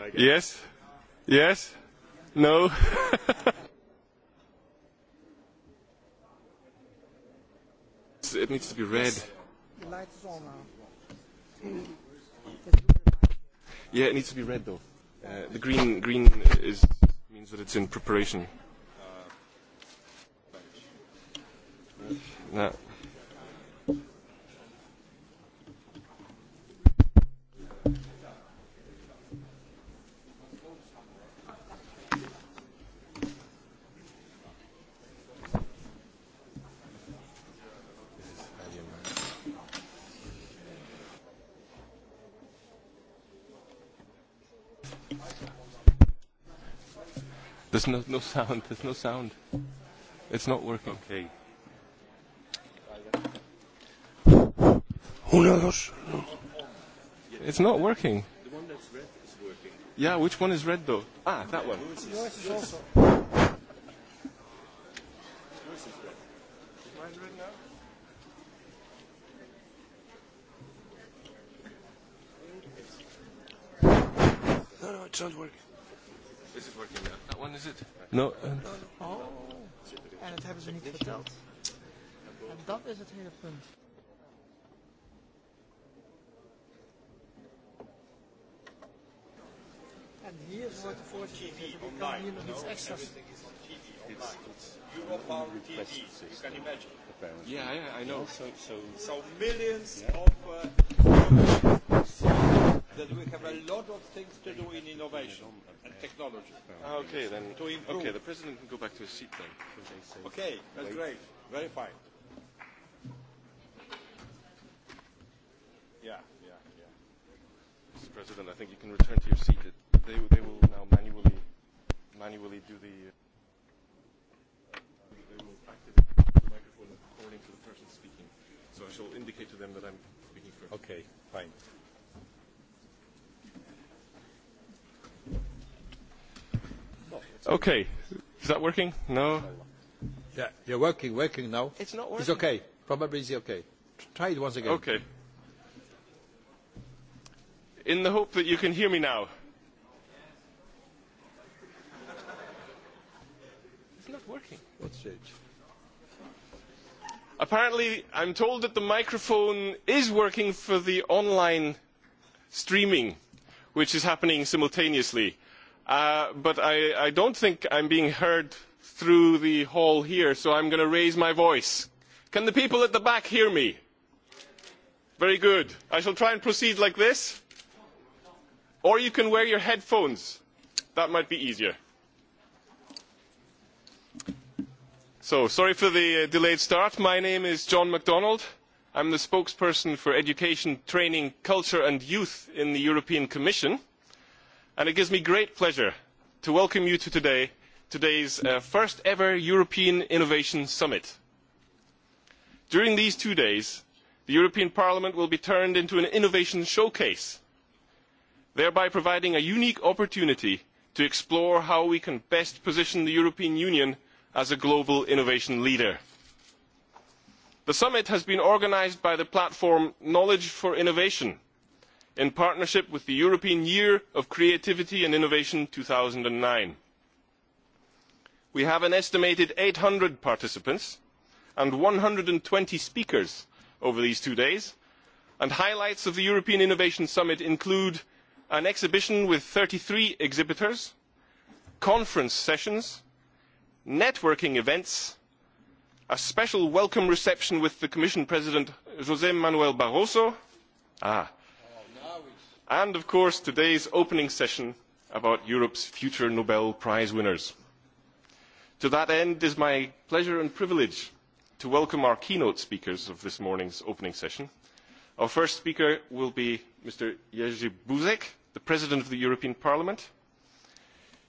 I guess. Yes? Yes? No? it needs to be red. light is on now. Yeah, it needs to be red though. Uh, the green green is means that it's in preparation. Uh, no. There's no, no sound. There's no sound. It's not working. Okay. Who knows? It's not working. The one that's red is working. Yeah, which one is red though? Ah, that one. Yours is also. No. Oh, en dat hebben ze niet verteld. En dat is het hele punt. En hier wordt de voorzitter. Ik kan hier nog iets extra's. It's, it's Europe TV, you can imagine. Yeah, yeah, I know. So, so, so millions yeah. of uh, that we have a lot of things to do in innovation technology. Oh, okay, then. To improve. Okay, the president can go back to his seat then. Okay, that's Wait. great. Very fine. Yeah, yeah, yeah. Mr. President, I think you can return to your seat. They, they will now manually, manually do the. Uh, they will activate the microphone according to the person speaking. So I shall indicate to them that I'm speaking first. Okay, fine. Okay. Is that working? No? Yeah, you're working, working now. It's not working. It's okay. Probably it's okay. Try it once again. Okay. In the hope that you can hear me now. It's not working. What's it? Apparently, I'm told that the microphone is working for the online streaming, which is happening simultaneously Uh, but I, I don't think I'm being heard through the hall here, so I'm going to raise my voice. Can the people at the back hear me? Very good. I shall try and proceed like this. Or you can wear your headphones. That might be easier. So, sorry for the uh, delayed start. My name is John MacDonald. I'm the spokesperson for education, training, culture and youth in the European Commission and it gives me great pleasure to welcome you to today, today's uh, first ever European Innovation Summit. During these two days, the European Parliament will be turned into an innovation showcase, thereby providing a unique opportunity to explore how we can best position the European Union as a global innovation leader. The summit has been organised by the platform Knowledge for Innovation – in partnership with the european year of creativity and innovation. two thousand and nine we have an estimated eight hundred participants and one hundred and twenty speakers over these two days and highlights of the european innovation summit include an exhibition with thirty three exhibitors conference sessions networking events a special welcome reception with the commission president jos manuel barroso ah, and of course today's opening session about Europe's future Nobel Prize winners. To that end, it is my pleasure and privilege to welcome our keynote speakers of this morning's opening session. Our first speaker will be Mr. Jerzy Buzek, the President of the European Parliament.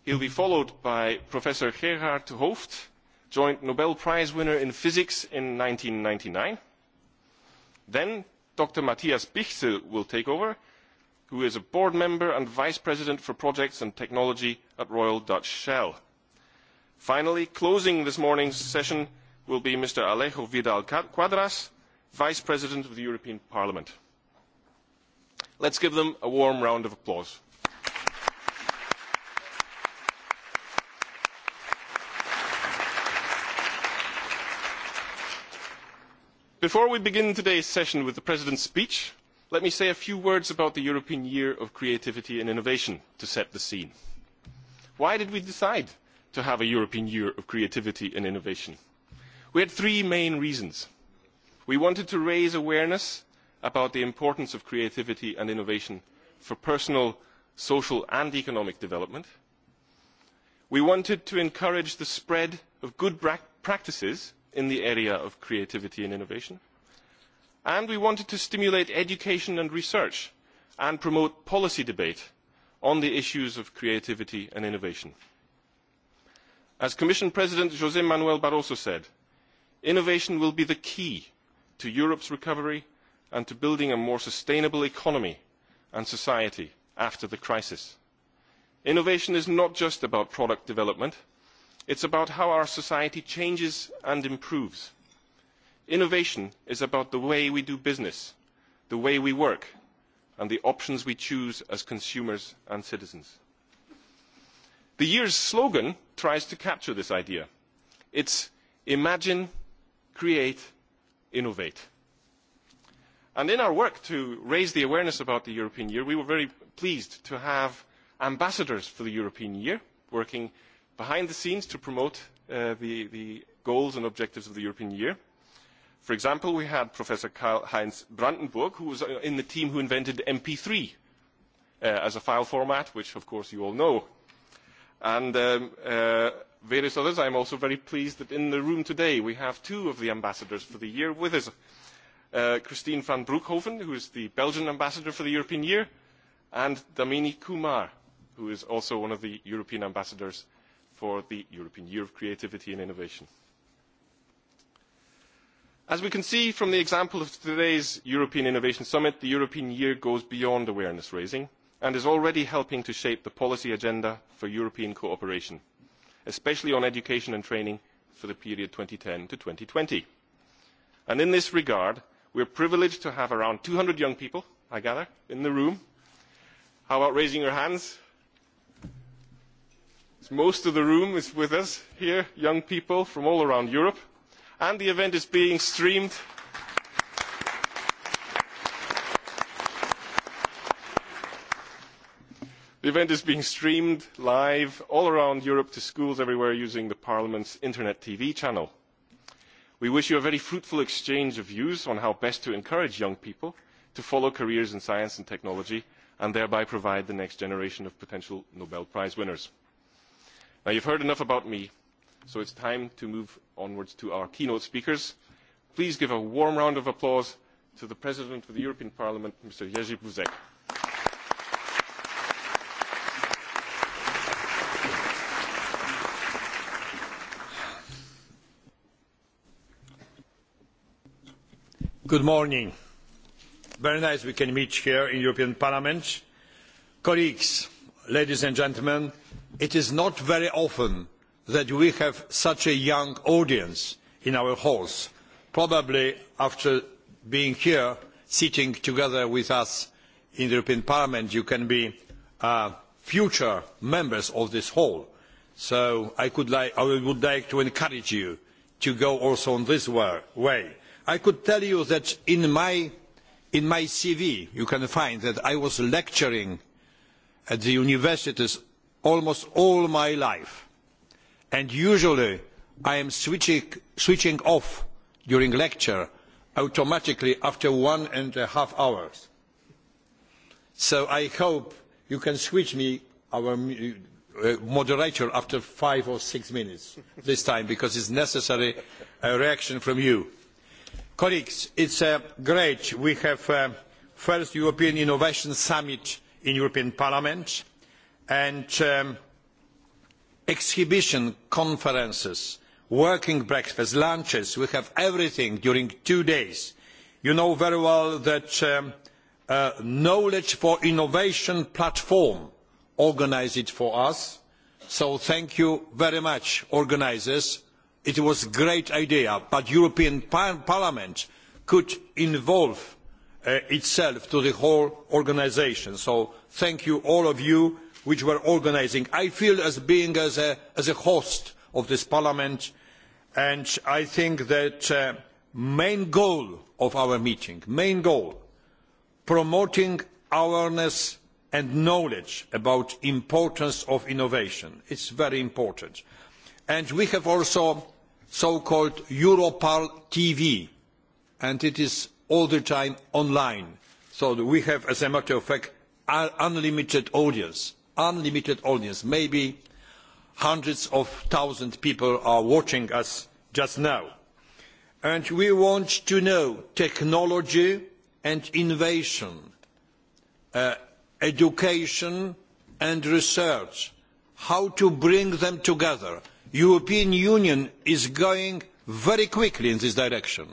he will be followed by Professor Gerhard Hooft, joint Nobel Prize winner in physics in 1999. Then Dr. Matthias Bichsel will take over who is a board member and vice president for projects and technology at Royal Dutch Shell. Finally, closing this morning's session will be Mr. Alejo Vidal Quadras, vice president of the European Parliament. Let's give them a warm round of applause. Before we begin today's session with the President's speech, let me say a few words about the European Year of Creativity and Innovation to set the scene. Why did we decide to have a European Year of Creativity and Innovation? We had three main reasons. We wanted to raise awareness about the importance of creativity and innovation for personal, social and economic development. We wanted to encourage the spread of good practices in the area of creativity and innovation and we wanted to stimulate education and research and promote policy debate on the issues of creativity and innovation. as commission president jos manuel barroso said innovation will be the key to europe's recovery and to building a more sustainable economy and society after the crisis. innovation is not just about product development it is about how our society changes and improves innovation is about the way we do business the way we work and the options we choose as consumers and citizens. the year's slogan tries to capture this idea. it is imagine create innovate'. And in our work to raise the awareness about the European Year, we were very pleased to have ambassadors for the European Year working behind the scenes to promote uh, the, the goals and objectives of the European Year. For example, we had Professor Karl-Heinz Brandenburg, who was uh, in the team who invented MP3 uh, as a file format, which of course you all know. And um, uh, various others, I'm also very pleased that in the room today we have two of the ambassadors for the year with us. Uh, Christine van Broekhoven, who is the Belgian ambassador for the European year, and Damini Kumar, who is also one of the European ambassadors for the European Year of Creativity and Innovation as we can see from the example of today's european innovation summit the european year goes beyond awareness raising and is already helping to shape the policy agenda for european cooperation especially on education and training for the period two thousand and ten to two thousand and twenty and in this regard we are privileged to have around two hundred young people i gather in the room. how about raising your hands? most of the room is with us here young people from all around europe and the event is being streamed The event is being streamed live all around Europe to schools everywhere using the Parliament's Internet TV channel. We wish you a very fruitful exchange of views on how best to encourage young people to follow careers in science and technology and thereby provide the next generation of potential Nobel Prize winners. Now, you've heard enough about me. So it's time to move onwards to our keynote speakers. Please give a warm round of applause to the President of the European Parliament, Mr. Jerzy Buzek. Good morning. Very nice we can meet here in European Parliament. Colleagues, ladies and gentlemen, it is not very often that we have such a young audience in our halls, probably after being here, sitting together with us in the European Parliament, you can be uh, future members of this hall. So I, could like, I would like to encourage you to go also in this way. I could tell you that in my, in my CV, you can find that I was lecturing at the universities almost all my life and usually i am switching, off during lecture automatically after one and a half hours so i hope you can switch me our uh, moderator after five or six minutes this time because it is necessary a uh, reaction from you colleagues it is uh, great we have the uh, first european innovation summit in the european parliament and um, exhibition conferences working breakfasts lunches we have everything during two days. you know very well that um, uh, knowledge for innovation platform organised it for us so thank you very much organisers it was a great idea but the european parliament could involve uh, itself in the whole organisation so thank you all of you which were organising. I feel as being as a, as a host of this parliament and I think that uh, main goal of our meeting, main goal, promoting awareness and knowledge about importance of innovation. It's very important. And we have also so-called Europal TV, and it is all the time online. So we have, as a matter of fact, unlimited audience unlimited audience maybe hundreds of thousands of people are watching us just now and we want to know technology and innovation uh, education and research how to bring them together european union is going very quickly in this direction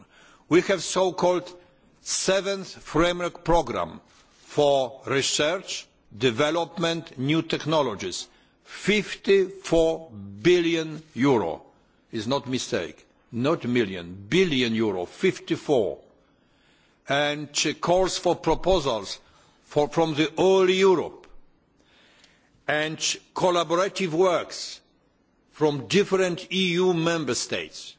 we have so called seventh framework programme for research development, new technologies. 54 billion euro is not mistake, not million, billion euro, 54. And calls for proposals for, from the whole Europe and collaborative works from different EU member states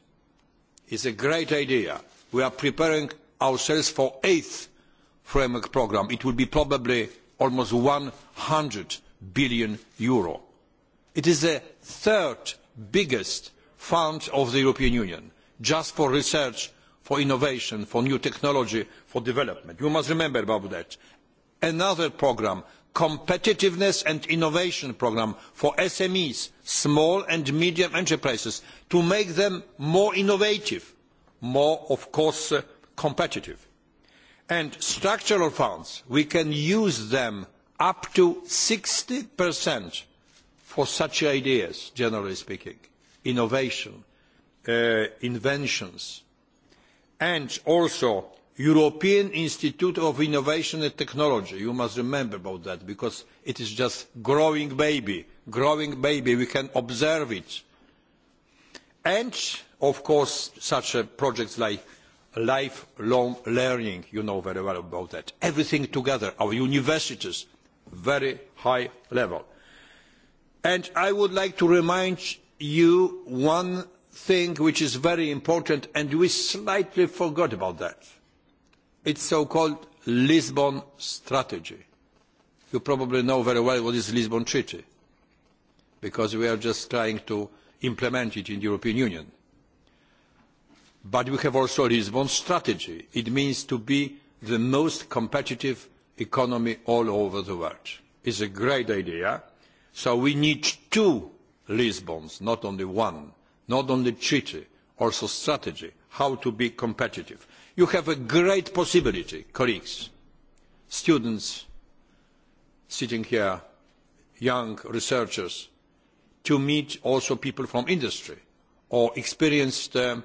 is a great idea. We are preparing ourselves for eighth framework programme. It will be probably almost eur one hundred billion It is the third biggest fund of the European Union, just for research, for innovation, for new technology, for development. You must remember about that. Another programme, the competitiveness and innovation programme for SMEs, small and medium enterprises, to make them more innovative, more, of course, competitive and structural funds, we can use them up to 60% for such ideas, generally speaking, innovation, uh, inventions, and also European Institute of Innovation and Technology. You must remember about that because it is just growing baby, growing baby. We can observe it. And, of course, such uh, projects like lifelong learning, you know very well about that. Everything together, our universities, very high level. And I would like to remind you one thing which is very important and we slightly forgot about that. It's so-called Lisbon strategy. You probably know very well what is Lisbon Treaty because we are just trying to implement it in the European Union but we have also the lisbon strategy. it means to be the most competitive economy all over the world. it is a great idea. so we need two lisbons, not only one, not only treaty, also strategy, how to be competitive. you have a great possibility, colleagues, students sitting here, young researchers, to meet also people from industry or experienced um,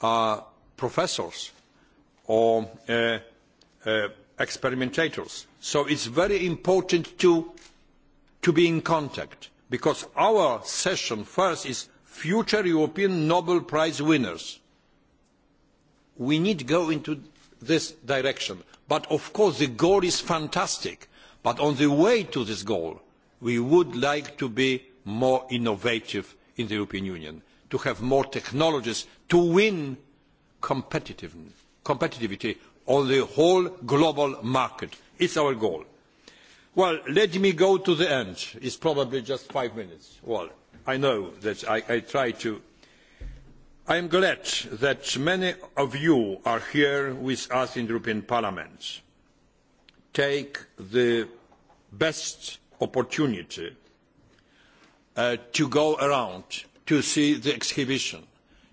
are professors or uh, uh, experimentators. So it's very important to, to be in contact because our session first is future European Nobel Prize winners. We need to go into this direction. But of course the goal is fantastic. But on the way to this goal, we would like to be more innovative in the European Union to have more technologies to win competitiveness on the whole global market. It is our goal. Well, let me go to the end. It is probably just five minutes. Well, I know that I, I try to. I am glad that many of you are here with us in the European Parliament. Take the best opportunity uh, to go around to see the exhibition,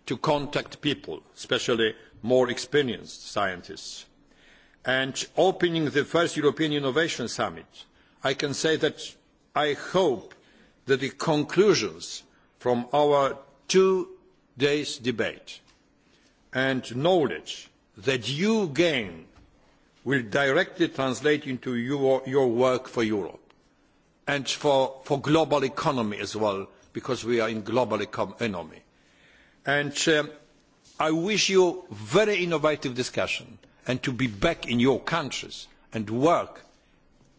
to contact people, especially more experienced scientists. And opening the first European Innovation Summit, I can say that I hope that the conclusions from our two days debate and knowledge that you gain will directly translate into your, your work for Europe and for, for global economy as well because we are in global economy. And uh, I wish you very innovative discussion and to be back in your countries and work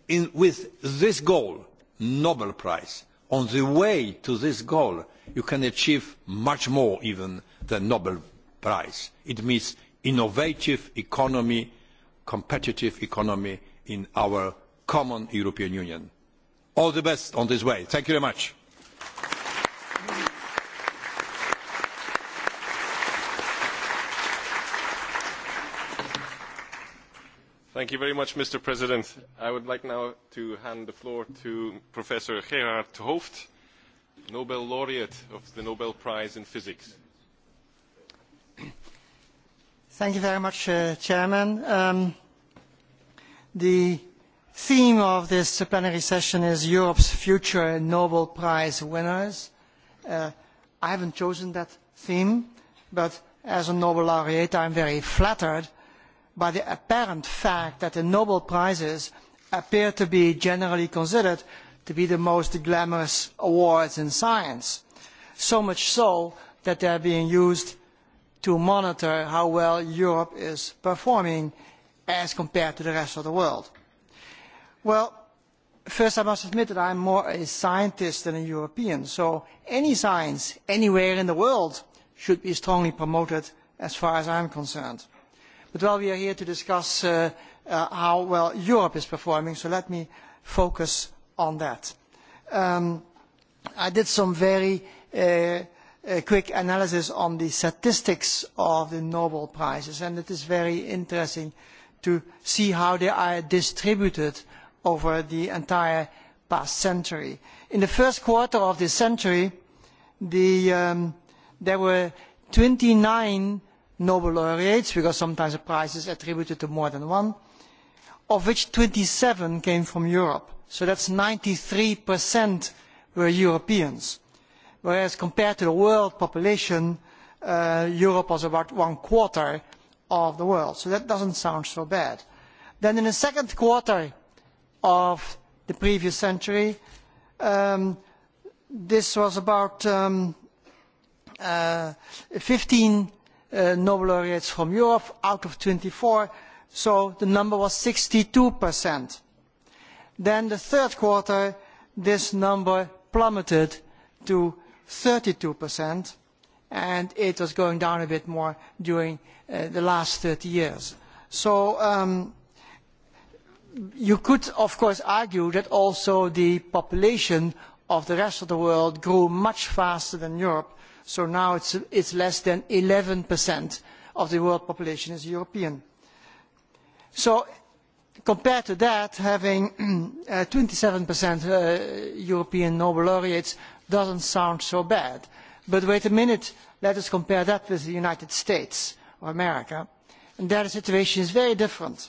in, with this goal, Nobel Prize. On the way to this goal, you can achieve much more even than Nobel Prize. It means innovative economy, competitive economy in our common European Union. All the best on this way. Thank you very much. Thank you very much, Mr. President. I would like now to hand the floor to Professor Gerhard Hooft, Nobel laureate of the Nobel Prize in Physics. Thank you very much, uh, Chairman. Um, the theme of this plenary session is Europe's future Nobel Prize winners. Uh, I haven't chosen that theme, but as a Nobel laureate, I'm very flattered uh, by the apparent fact that the Nobel Prizes appear to be generally considered to be the most glamorous awards in science, so much so that they are being used to monitor how well Europe is performing as compared to the rest of the world. Well, first I must admit that I am more a scientist than a European, so any science anywhere in the world should be strongly promoted as far as I am concerned. But while we are here to discuss uh, uh, how well Europe is performing, so let me focus on that. Um, I did some very uh, a uh, quick analysis on the statistics of the Nobel Prizes, and it is very interesting to see how they are distributed over the entire past century. In the first quarter of this century, the, um, there were 29 Nobel laureates, because sometimes a prize is attributed to more than one, of which twenty seven came from Europe. So that is ninety three were Europeans. Whereas compared to the world population, uh, Europe was about one quarter of the world. So that does not sound so bad. Then in the second quarter of the previous century, um, this was about um, uh, fifteen Uh, Nobel laureates from Europe out of twenty four so the number was sixty two Then the third quarter, this number plummeted to thirty two and it was going down a bit more during uh, the last thirty years. So um, you could, of course, argue that also the population of the rest of the world grew much faster than Europe, So now it is less than 11% of the world population is European. So compared to that, having uh, 27% uh, European Nobel laureates doesn't sound so bad. But wait a minute, let us compare that with the United States or America. And there the situation is very different.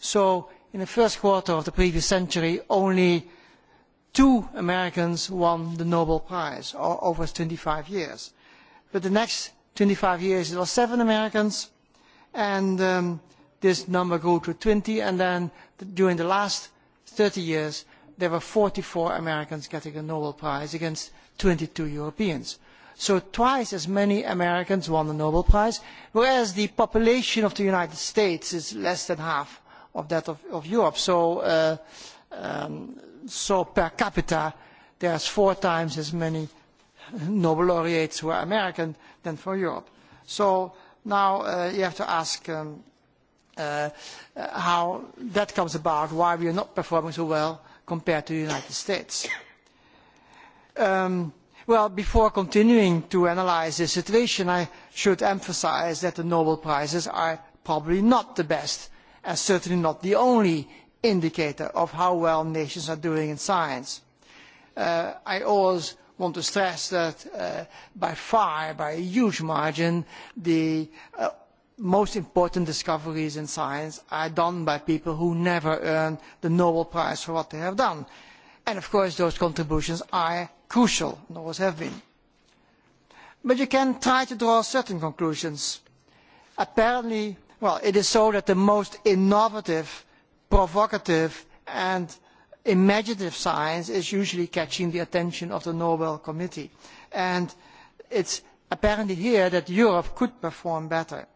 So in the first quarter of the previous century, only two Americans won the Nobel Prize over twenty five years. But the next twenty five years it was seven Americans, and um, this number grew to twenty and then during the last thirty years there were forty four Americans getting a Nobel Prize against twenty two Europeans. So twice as many Americans won the Nobel Prize, whereas the population of the United States is less than half of that of, Europe. So uh, um, so per capita there are four times as many Nobel laureates who are American than from Europe. So now uh, you have to ask um, uh, uh, how that comes about, why we are not performing so well compared to the United States. Um, before continuing to analyse the situation, I should emphasise that the Nobel Prizes are probably not the best and certainly not the only indicator of how well nations are doing in science. Uh, I always want to stress that uh, by far, by a huge margin, the uh, most important discoveries in science are done by people who never earn the Nobel Prize for what they have done. And of course those contributions are crucial and always have been. But you can try to draw certain conclusions. Apparently, well, it is so that the most innovative provocative and imaginative science is usually catching the attention of the Nobel Committee. And it's apparently here that Europe could perform better.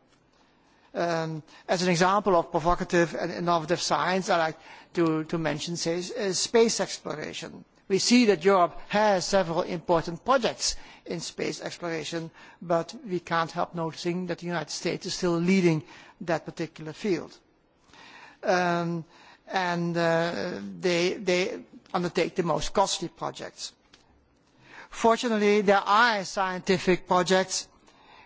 Um, as an example of provocative and innovative science, I like to, to mention says, is uh, space exploration. We see that Europe has several important projects in space exploration, but we can't help noticing that the United States is still leading that particular field um, and uh, they, they undertake the most costly projects. Fortunately, there are scientific projects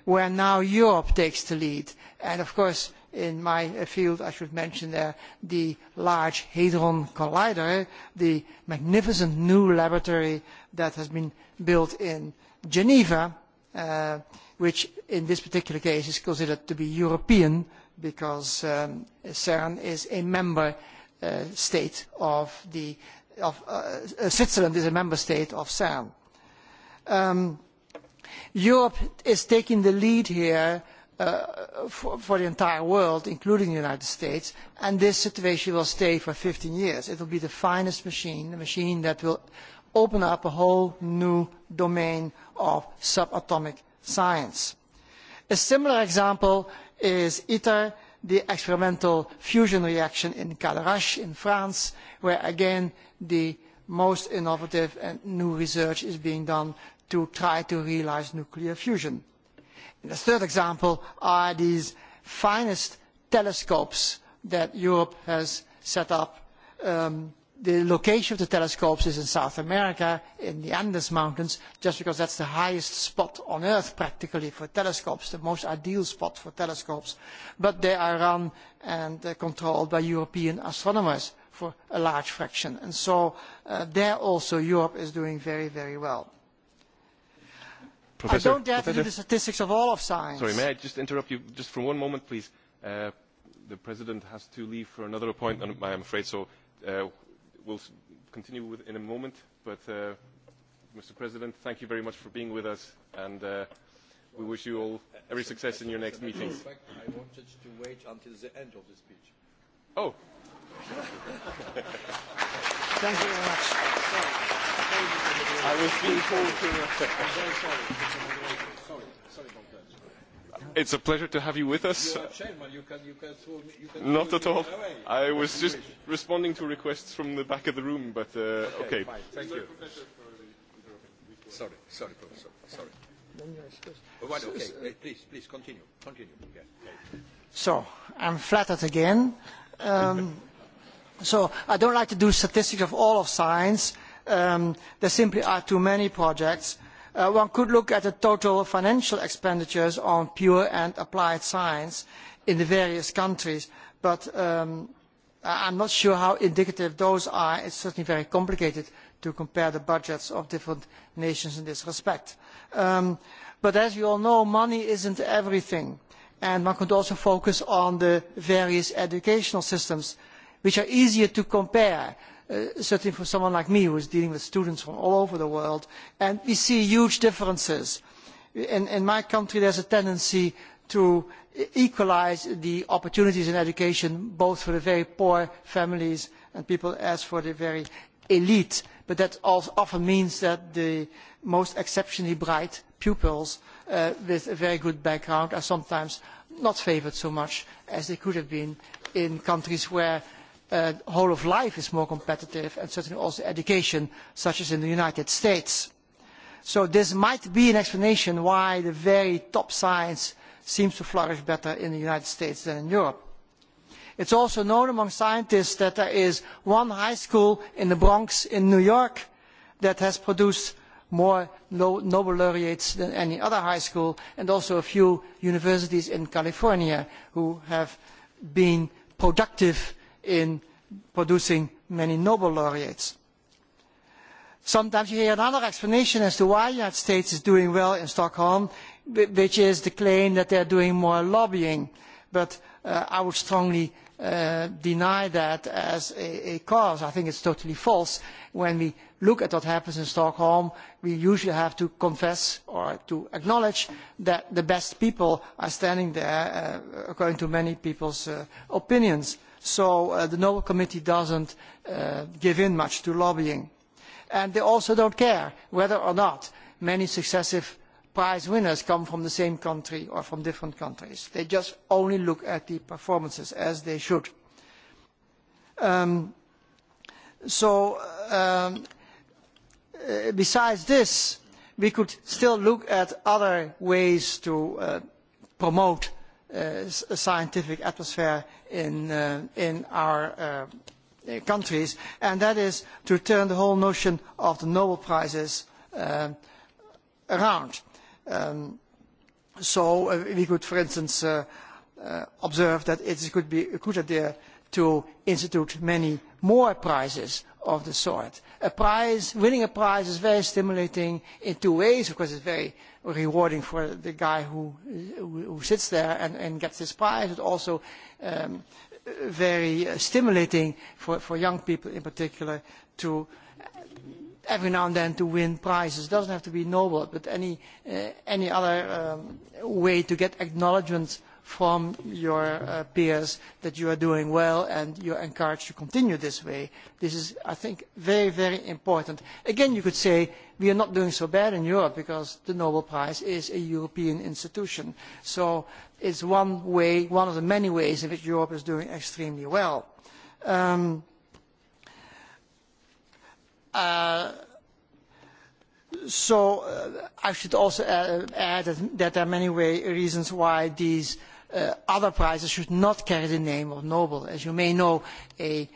where now Europe takes the lead. And of course, in my field, I should mention there the Large Hadron Collider, the magnificent new laboratory that has been built in Geneva, uh, which in this particular case is considered to be European because um, CERN is a member uh, state of the of, uh, uh, Switzerland is a member state of CERN. Um, Europe is taking the lead here uh, for, for the entire world, including the United States, and this situation will stay for 15 years. It will be the finest machine, the machine that will open up a whole new domain of subatomic science. A similar example is ITER, the experimental fusion reaction in Calarache in France, where again the most innovative and new research is being done to try to realise nuclear fusion. And the third example are these finest telescopes that Europe has set up um, the location of the telescopes is in South America, in the Andes Mountains, just because that's the highest spot on Earth practically for telescopes, the most ideal spot for telescopes. But they are run and uh, controlled by European astronomers for a large fraction. And so uh, there also Europe is doing very, very well. Professor, I don't dare Professor, to do the statistics of all of science. Sorry, may I just interrupt you just for one moment, please? Uh, the President has to leave for another appointment, I'm afraid, so uh, will continue with in a moment. But, uh, Mr. President, thank you very much for being with us, and uh, we wish you all every success in your next meetings. I wanted to wait until the end of the speech. Oh. thank you very much. I was being told to. I'm very sorry it's a pleasure to have you with us. You are chairman. You can, you can throw, you can Not at all. Away. I was just responding to requests from the back of the room, but uh, okay. okay. Fine. Thank you. Sorry, sorry, professor. Sorry. Oh, well, okay. Uh, please, please continue. Continue. Yeah. Okay. So I'm flattered again. Um, so I don't like to do statistics of all of science. Um, there simply are too many projects Uh, one could look at the total financial expenditures on pure and applied science in the various countries, but um, i I'm not sure how indicative those are. It's certainly very complicated to compare the budgets of different nations in this respect. Um, but as we all know, money isn't everything. And one could also focus on the various educational systems, which are easier to compare Uh, certainly for someone like me who is dealing with students from all over the world, and we see huge differences. In, in my country, there's a tendency to equalize the opportunities in education, both for the very poor families and people as for the very elite. But that also often means that the most exceptionally bright pupils uh, with a very good background are sometimes not favored so much as they could have been in countries where uh, whole of life is more competitive and certainly also education, such as in the United States. So this might be an explanation why the very top science seems to flourish better in the United States than in Europe. It's also known among scientists that there is one high school in the Bronx in New York that has produced more no, Nobel laureates than any other high school, and also a few universities in California who have been productive in producing many Nobel laureates. Sometimes you hear another explanation as to why the United States is doing well in Stockholm, which is the claim that they are doing more lobbying. But uh, I would strongly uh, deny that as a, a cause. I think it's totally false. When we look at what happens in Stockholm, we usually have to confess or to acknowledge that the best people are standing there, uh, according to many people's uh, opinions so uh, the Nobel Committee does not uh, give in much to lobbying. And they also do not care whether or not many successive prize winners come from the same country or from different countries. They just only look at the performances, as they should. Um, so, um, uh, besides this, we could still look at other ways to promote a scientific atmosphere Uh, in, our uh, countries, and that is to turn the whole notion of the Nobel Prizes uh, around. Um, so uh, we could, for instance, uh, uh, observe that it could be a good idea to institute many more prizes of the sort a prize, winning a prize is very stimulating in two ways. Of course, it's very rewarding for the guy who, who sits there and, and gets this prize. It's also um, very stimulating for, for young people in particular to every now and then to win prizes. It doesn't have to be Nobel, but any, uh, any other um, way to get acknowledgement from your uh, peers that you are doing well and you are encouraged to continue this way. This is, I think, very, very important. Again, you could say we are not doing so bad in Europe because the Nobel Prize is a European institution. So it's one way, one of the many ways in which Europe is doing extremely well. Um, uh, so uh, I should also add, add that there are many way, reasons why these Uh, other prizes should not carry the name of Nobel. As you may know, a,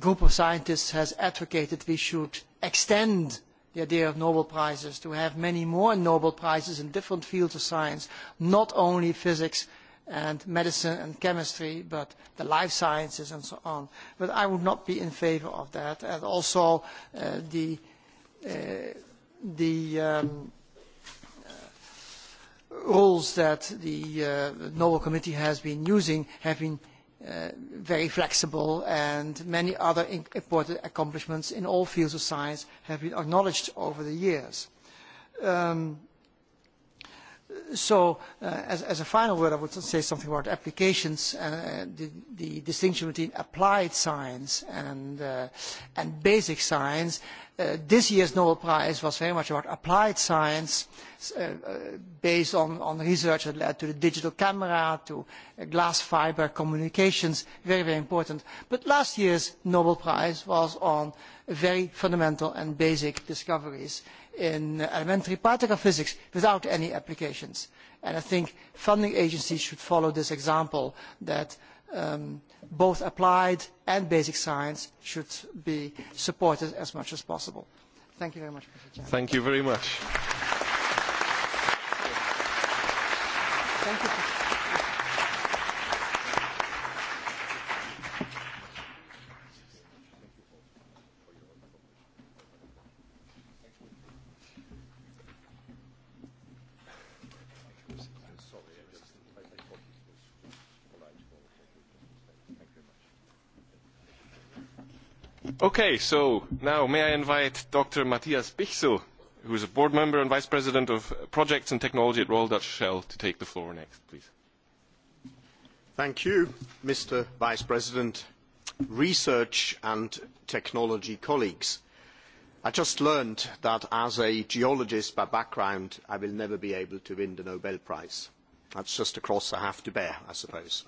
group of scientists has advocated we should extend the idea of Nobel Prizes to have many more Nobel Prizes in different fields of science, not only physics and medicine and chemistry, but the life sciences and so on. But I would not be in favour of that. And also uh, the, uh, the um, rules that the uh, Nobel Committee has been using have been uh, very flexible and many other important accomplishments in all fields of science have been acknowledged over the years. Um, So, uh, as, a final word, I would say something about applications and uh, the, distinction between applied science and, uh, and basic science. this year's Nobel Prize was very much about applied science based on, on research that led to the digital camera, to glass fiber communications, very, very important. But last year's Nobel Prize was on very fundamental and basic discoveries in elementary particle physics without any applications. And I think funding agencies should follow this example that um, both applied and basic science should be supported as much as possible. Thank you very much, Mr. Chairman. Thank you very much. Thank you. Okay, so now may I invite Dr. Matthias Bichsel, who is a board member and vice president of projects and technology at Royal Dutch Shell, to take the floor next, please. Thank you, Mr. Vice President, research and technology colleagues. I just learned that as a geologist by background, I will never be able to win the Nobel Prize. That's just a cross I have to bear, I suppose.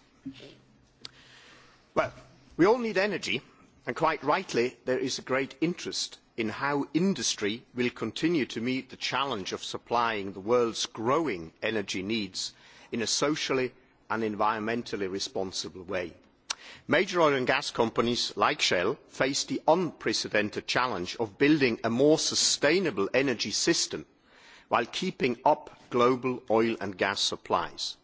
Well, we all need energy and quite rightly there is a great interest in how industry will continue to meet the challenge of supplying the world's growing energy needs in a socially and environmentally responsible way. Major oil and gas companies like Shell face the unprecedented challenge of building a more sustainable energy system while keeping up global oil and gas supplies.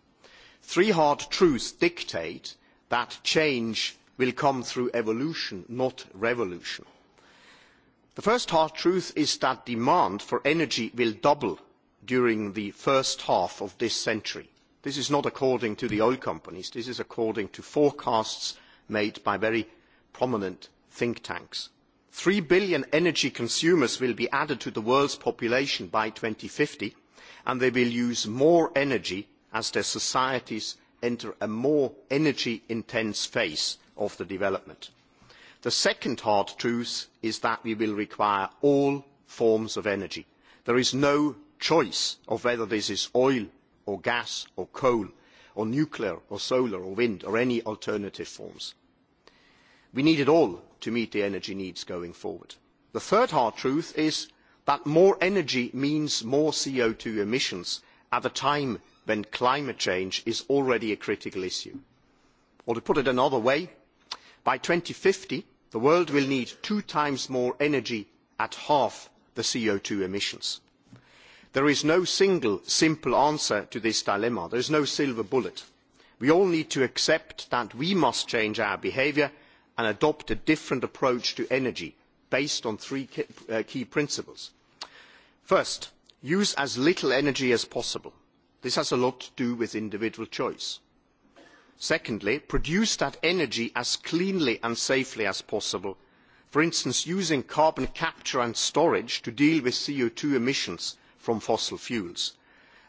Three hard truths dictate that change will come through evolution, not revolution. The first hard truth is that demand for energy will double during the first half of this century. This is not according to the oil companies. This is according to forecasts made by very prominent think tanks. Three billion energy consumers will be added to the world's population by 2050, and they will use more energy as their societies enter a more energy-intense phase of the development. The second hard truth is that we will require all forms of energy. There is no choice of whether this is oil or gas or coal or nuclear or solar or wind or any alternative forms. We need it all to meet the energy needs going forward. The third hard truth is that more energy means more CO2 emissions at a time when climate change is already a critical issue. Or to put it another way, by two thousand and fifty the world will need two times more energy at half the co two emissions. there is no single simple answer to this dilemma. there is no silver bullet. we all need to accept that we must change our behaviour and adopt a different approach to energy based on three uh, key principles. first use as little energy as possible. this has a lot to do with individual choice secondly produce that energy as cleanly and safely as possible for instance using carbon capture and storage to deal with co two emissions from fossil fuels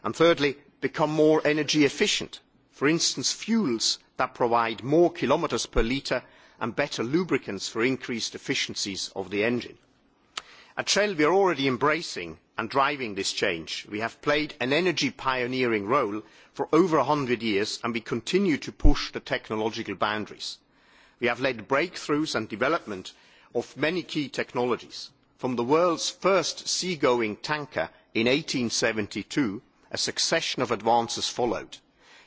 and thirdly become more energy efficient for instance fuels that provide more kilometres per litre and better lubricants for increased efficiencies of the engine. at shell we are already embracing and driving this change. We have played an energy pioneering role for over 100 years and we continue to push the technological boundaries. We have led breakthroughs and development of many key technologies, from the world's first sea-going tanker in 1872 a succession of advances followed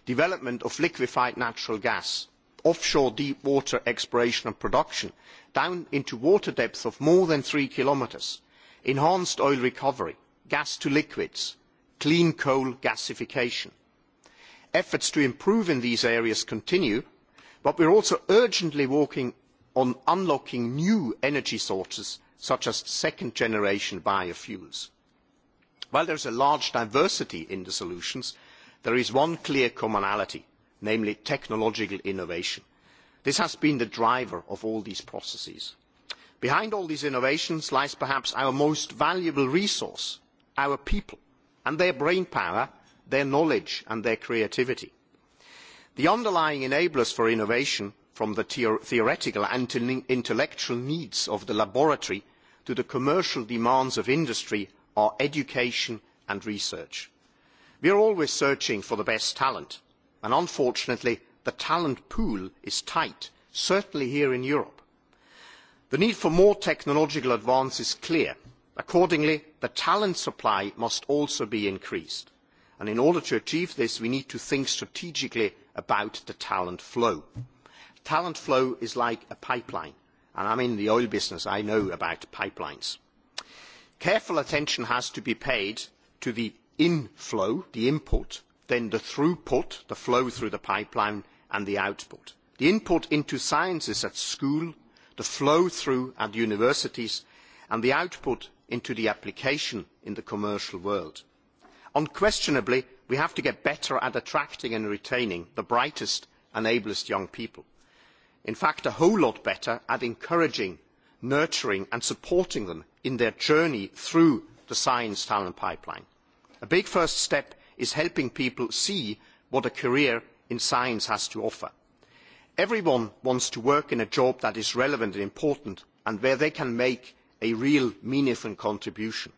development of liquefied natural gas offshore deep water exploration and production down into water depths of more than three kilometres enhanced oil recovery, gas to liquids, clean coal gasification. Efforts to improve in these areas continue, but we are also urgently working on unlocking new energy sources such as second generation biofuels. While there is a large diversity in the solutions, there is one clear commonality, namely technological innovation. This has been the driver of all these processes behind all these innovations lies perhaps our most valuable resource our people and their brainpower their knowledge and their creativity. the underlying enablers for innovation from the theoretical and intellectual needs of the laboratory to the commercial demands of industry are education and research. we are always searching for the best talent and unfortunately the talent pool is tight certainly here in europe the need for more technological advance is clear. accordingly the talent supply must also be increased and in order to achieve this we need to think strategically about the talent flow. talent flow is like a pipeline and i am in the oil business i know about pipelines. careful attention has to be paid to the inflow the input then the throughput the flow through the pipeline and the output. the input into sciences at school the flow through at universities and the output into the application in the commercial world. unquestionably we have to get better at attracting and retaining the brightest and ablest young people in fact a whole lot better at encouraging nurturing and supporting them in their journey through the science talent pipeline. a big first step is helping people see what a career in science has to offer everyone wants to work in a job that is relevant and important and where they can make a real meaningful contribution.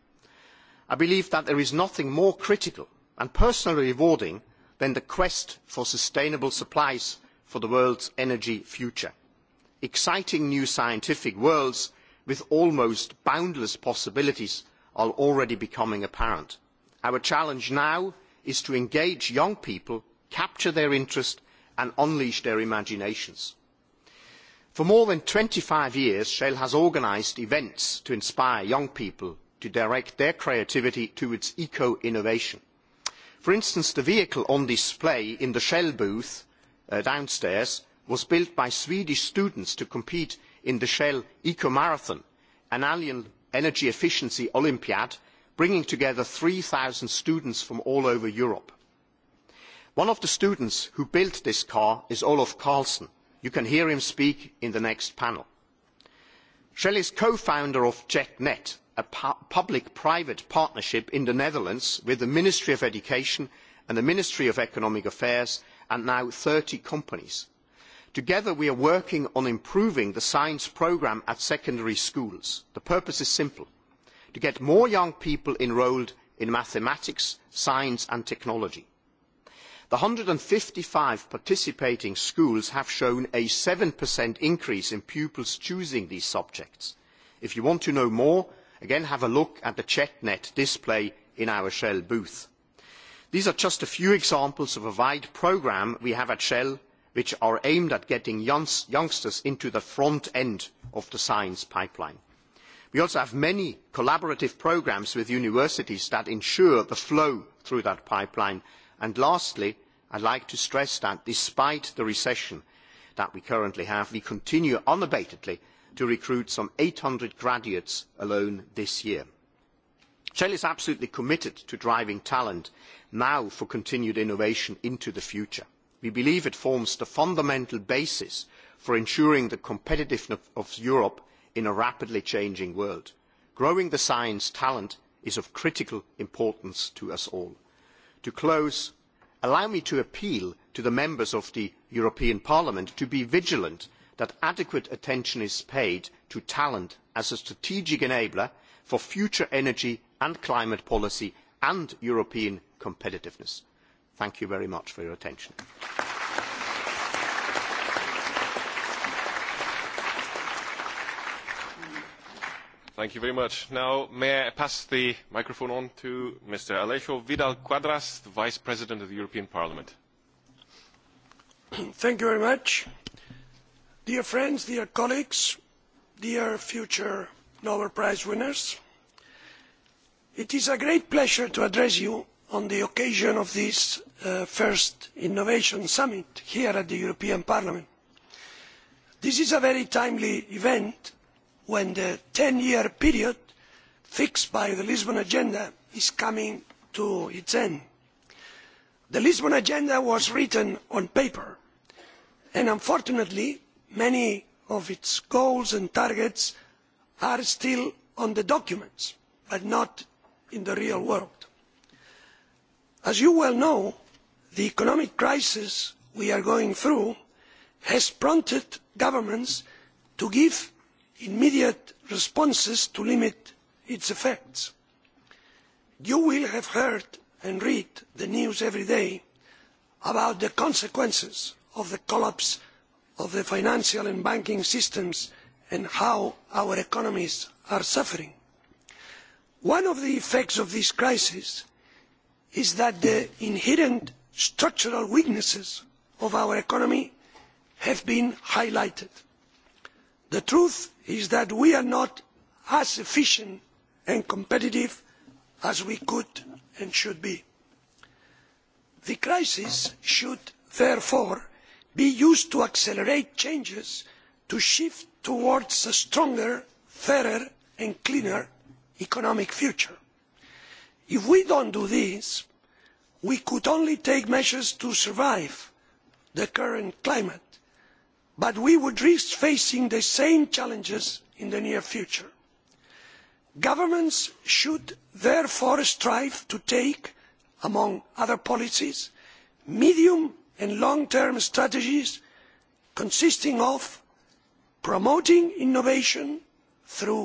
i believe that there is nothing more critical and personally rewarding than the quest for sustainable supplies for the world's energy future exciting new scientific worlds with almost boundless possibilities are already becoming apparent. our challenge now is to engage young people capture their interest and unleash their imaginations. For more than 25 years, Shell has organised events to inspire young people to direct their creativity towards eco-innovation. For instance, the vehicle on display in the Shell booth uh, downstairs was built by Swedish students to compete in the Shell Eco Marathon, an annual energy efficiency Olympiad, bringing together 3,000 students from all over Europe one of the students who built this car is olaf carlson you can hear him speak in the next panel. shell is co founder of jetnet a public private partnership in the netherlands with the ministry of education and the ministry of economic affairs and now thirty companies. together we are working on improving the science programme at secondary schools. the purpose is simple to get more young people enrolled in mathematics science and technology the one hundred and fifty five participating schools have shown a seven increase in pupils choosing these subjects. if you want to know more again have a look at the chetnet display in our shell booth. these are just a few examples of a wide programme we have at shell which are aimed at getting youngsters into the front end of the science pipeline. we also have many collaborative programmes with universities that ensure the flow through that pipeline And lastly, would like to stress that despite the recession that we currently have, we continue unabatedly to recruit some eight hundred graduates alone this year. Shell is absolutely committed to driving talent now for continued innovation into the future. We believe it forms the fundamental basis for ensuring the competitiveness of Europe in a rapidly changing world. Growing the science talent is of critical importance to us all to close allow me to appeal to the members of the european parliament to be vigilant that adequate attention is paid to talent as a strategic enabler for future energy and climate policy and european competitiveness. thank you very much for your attention. Thank you very much. Now, may I pass the microphone on to Mr. Alejo Vidal Quadras, the Vice President of the European Parliament. Thank you very much. Dear friends, dear colleagues, dear future Nobel Prize winners, it is a great pleasure to address you on the occasion of this uh, first Innovation Summit here at the European Parliament. This is a very timely event when the ten year period fixed by the lisbon agenda is coming to its end. the lisbon agenda was written on paper and unfortunately many of its goals and targets are still on the documents but not in the real world. as you well know the economic crisis we are going through has prompted governments to give immediate responses to limit its effects. you will have heard and read the news every day about the consequences of the collapse of the financial and banking systems and how our economies are suffering. one of the effects of this crisis is that the inherent structural weaknesses of our economy have been highlighted the truth is that we are not as efficient and competitive as we could and should be. the crisis should therefore be used to accelerate changes to shift towards a stronger fairer and cleaner economic future. if we do not do this we could only take measures to survive the current climate but we would risk facing the same challenges in the near future. governments should therefore strive to take among other policies medium and long term strategies consisting of promoting innovation through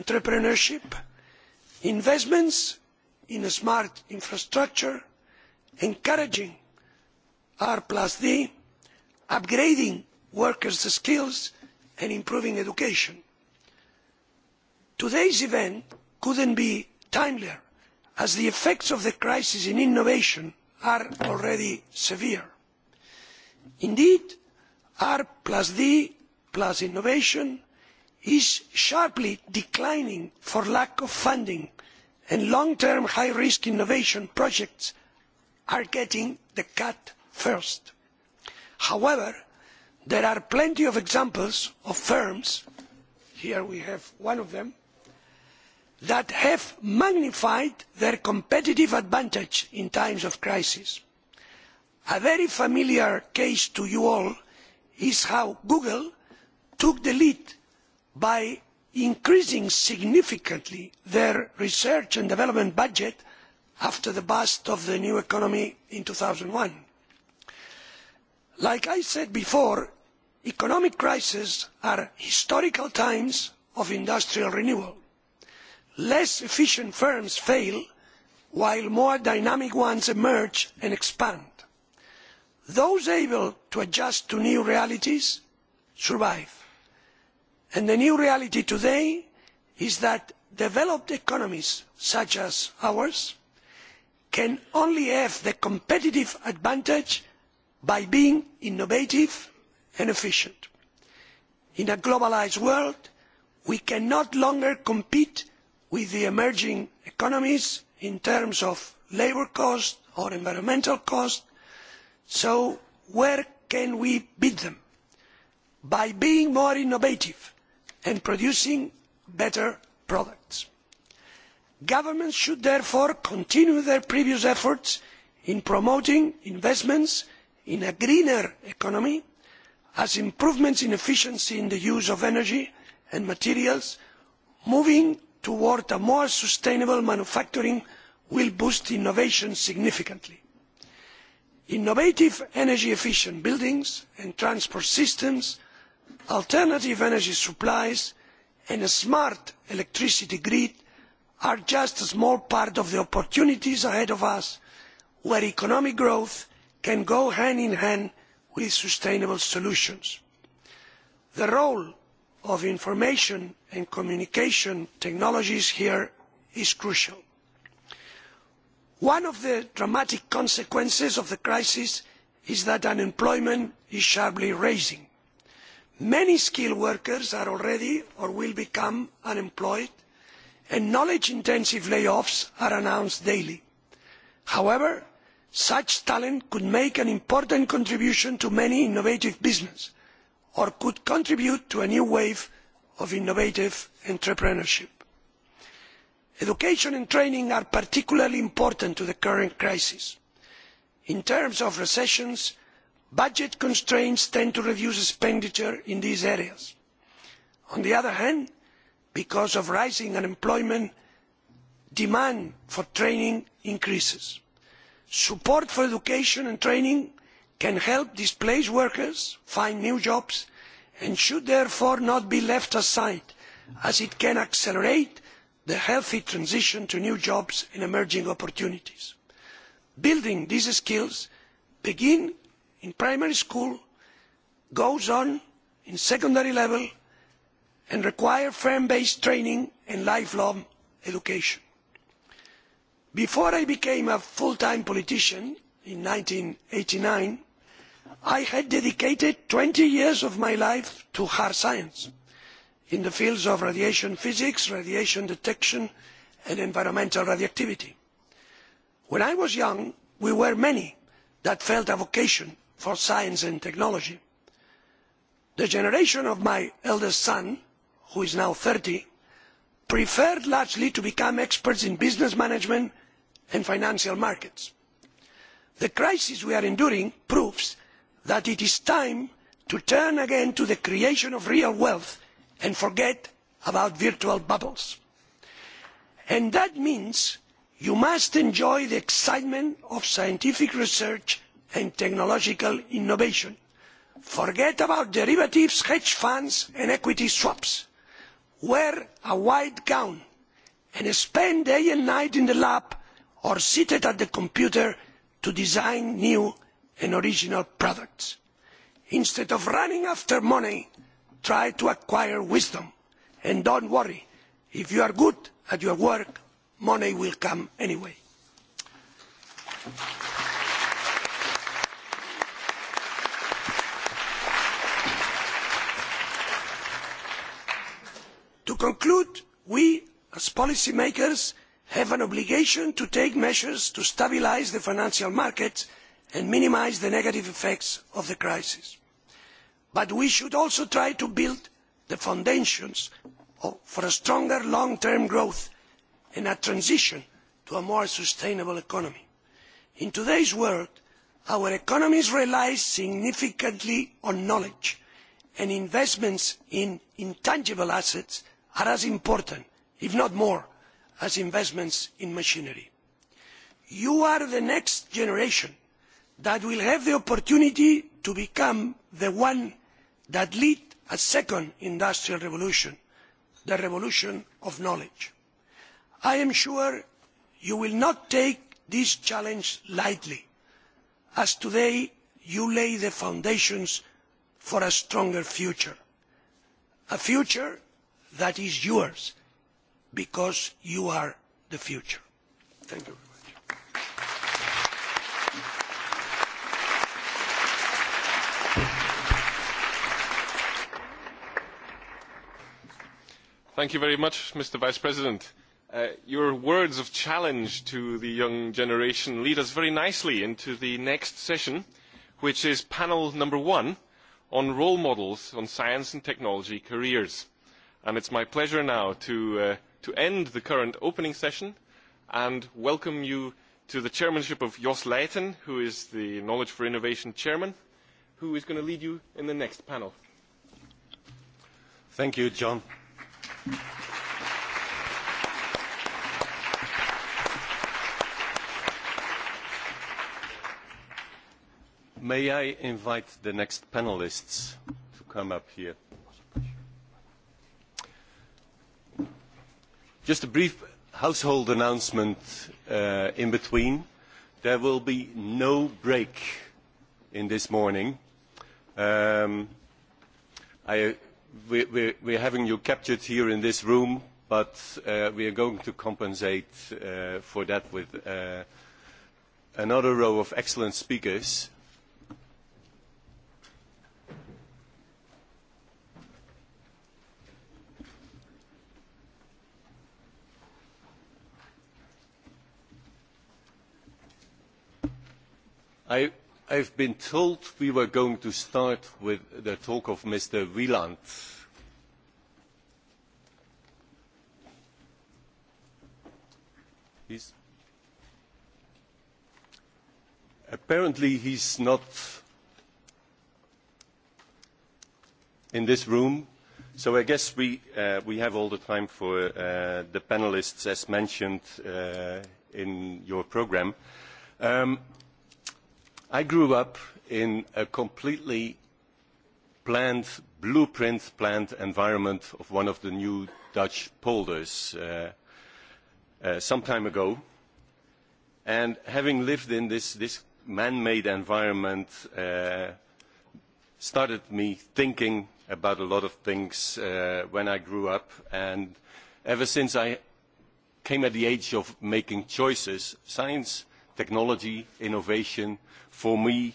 entrepreneurship investments in smart infrastructure encouraging r d upgrading workers' skills and improving education. today's event could not be timelier as the effects of the crisis in innovation are already severe. indeed r d innovation is sharply declining for lack of funding and long term high risk innovation projects are getting the cut first. however there are plenty of examples of firms here we have one of them that have magnified their competitive advantage in times of crisis. a very familiar case to you all is how google took the lead by increasing significantly their research and development budget after the bust of the new economy in. two thousand and one like i said before economic crises are historical times of industrial renewal. less efficient firms fail while more dynamic ones emerge and expand. those able to adjust to new realities survive and the new reality today is that developed economies such as ours can only have the competitive advantage by being innovative and efficient. in a globalised world we can no longer compete with the emerging economies in terms of labour cost or environmental cost so where can we beat them? by being more innovative and producing better products. governments should therefore continue their previous efforts in promoting investments in a greener economy as improvements in efficiency in the use of energy and materials moving towards a more sustainable manufacturing will boost innovation significantly. innovative energy efficient buildings and transport systems alternative energy supplies and a smart electricity grid are just a small part of the opportunities ahead of us where economic growth can go hand in hand with sustainable solutions. the role of information and communication technologies here is crucial. one of the dramatic consequences of the crisis is that unemployment is sharply rising. many skilled workers are already or will become unemployed and knowledge intensive layoffs are announced daily. however such talent could make an important contribution to many innovative businesses or could contribute to a new wave of innovative entrepreneurship. education and training are particularly important to the current crisis. in terms of recession budget constraints tend to reduce expenditure in these areas. on the other hand because of rising unemployment demand for training increases support for education and training can help displaced workers find new jobs and should therefore not be left aside as it can accelerate the healthy transition to new jobs and emerging opportunities. building these skills begins in primary school goes on at secondary level and requires firm based training and lifelong education before i became a full time politician in one thousand nine hundred and eighty nine i had dedicated twenty years of my life to hard science in the fields of radiation physics radiation detection and environmental radioactivity. when i was young we were many that felt a vocation for science and technology. the generation of my eldest son who is now thirty preferred largely to become experts in business management and financial markets. the crisis we are enduring proves that it is time to turn again to the creation of real wealth and forget about virtual bubbles. and that means you must enjoy the excitement of scientific research and technological innovation. forget about derivatives hedge funds and equity swaps. wear a white gown and spend day and night in the lab or seated at the computer to design new and original products. instead of running after money try to acquire wisdom and do not worry if you are good at your work money will come anyway. to conclude we as policy makers have an obligation to take measures to stabilise the financial markets and minimise the negative effects of the crisis but we should also try to build the foundations for stronger long term growth and a transition to a more sustainable economy. in today's world our economies rely significantly on knowledge and investments in intangible assets are as important if not more as investments in machinery. you are the next generation that will have the opportunity to become the one that leads a second industrial revolution the revolution of knowledge. i am sure you will not take this challenge lightly as today you lay the foundations for a stronger future a future that is yours because you are the future. Thank you. Thank you very much, Mr. Vice President. Uh, your words of challenge to the young generation lead us very nicely into the next session, which is panel number one on role models on science and technology careers. And it's my pleasure now to uh, to end the current opening session and welcome you to the chairmanship of Jos Leijten, who is the Knowledge for Innovation chairman, who is going to lead you in the next panel. Thank you, John. May I invite the next panelists to come up here? just a brief household announcement uh, in between there will be no break in this morning um, I, we, we, we're having you captured here in this room but uh, we are going to compensate uh, for that with uh, another row of excellent speakers I have been told we were going to start with the talk of Mr. Wieland. He's apparently he's not in this room, so I guess we, uh, we have all the time for uh, the panelists as mentioned uh, in your programme. Um, I grew up in a completely planned, blueprint planned environment of one of the new Dutch polders uh, uh, some time ago. And having lived in this, this man-made environment uh, started me thinking about a lot of things uh, when I grew up. And ever since I came at the age of making choices, science, technology, innovation for me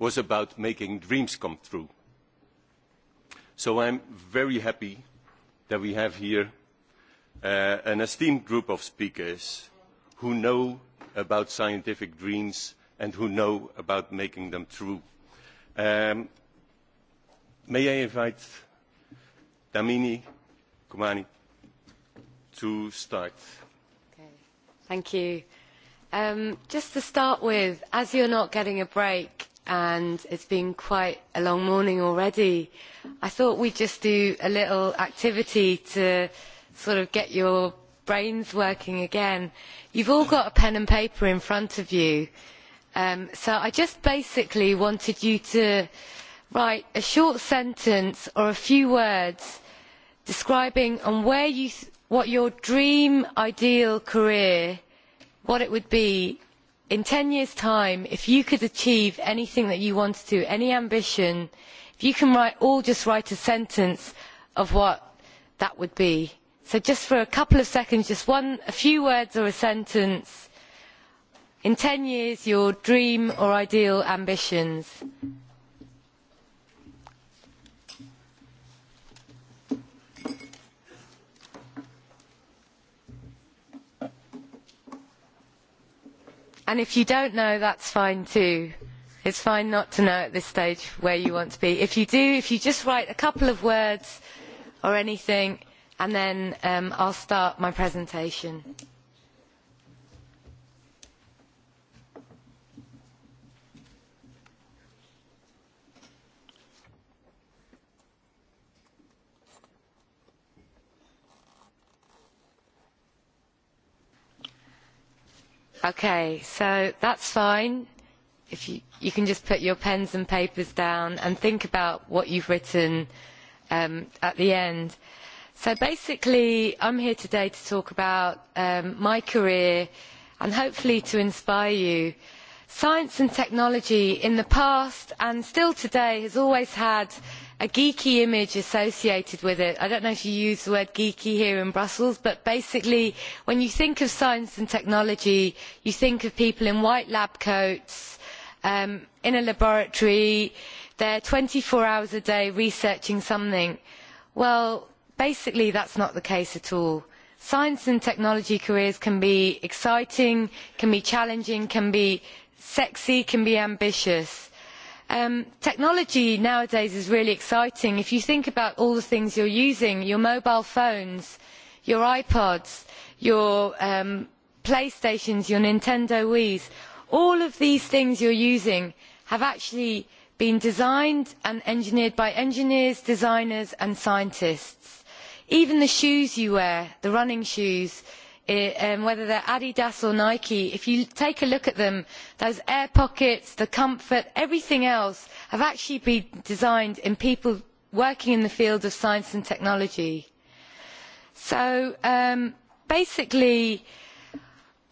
was about making dreams come true. So I'm very happy that we have here uh, an esteemed group of speakers who know about scientific dreams and who know about making them true. Um, may I invite Damini Kumani to start? Okay. Thank you. Um, just to start with, as you're not getting a break and it's been quite a long morning already, I thought we'd just do a little activity to sort of get your brains working again. You've all got a pen and paper in front of you. Um, so I just basically wanted you to write a short sentence or a few words describing on where you th- what your dream ideal career what it would be in ten years' time if you could achieve anything that you wanted to, any ambition, if you can write, all just write a sentence of what that would be. So just for a couple of seconds, just one, a few words or a sentence. In ten years, your dream or ideal ambitions. And if you don't know, that's fine too. It's fine not to know at this stage where you want to be. If you do, if you just write a couple of words or anything, and then um, I'll start my presentation. Okay, so that's fine. If you, you can just put your pens and papers down and think about what you've written um, at the end. So basically, I'm here today to talk about um, my career and hopefully to inspire you. Science and technology in the past and still today has always had a geeky image associated with it. I don't know if you use the word geeky here in Brussels, but basically when you think of science and technology, you think of people in white lab coats, um, in a laboratory, they're 24 hours a day researching something. Well, basically that's not the case at all. Science and technology careers can be exciting, can be challenging, can be sexy, can be ambitious Um, technology nowadays is really exciting. If you think about all the things you're using, your mobile phones, your iPods, your um, PlayStations, your Nintendo Wii's, all of these things you're using have actually been designed and engineered by engineers, designers and scientists. Even the shoes you wear, the running shoes, Um, whether they they're Adidas or Nike, if you take a look at them, those air pockets, the comfort, everything else have actually been designed in people working in the field of science and technology. So basically um, basically,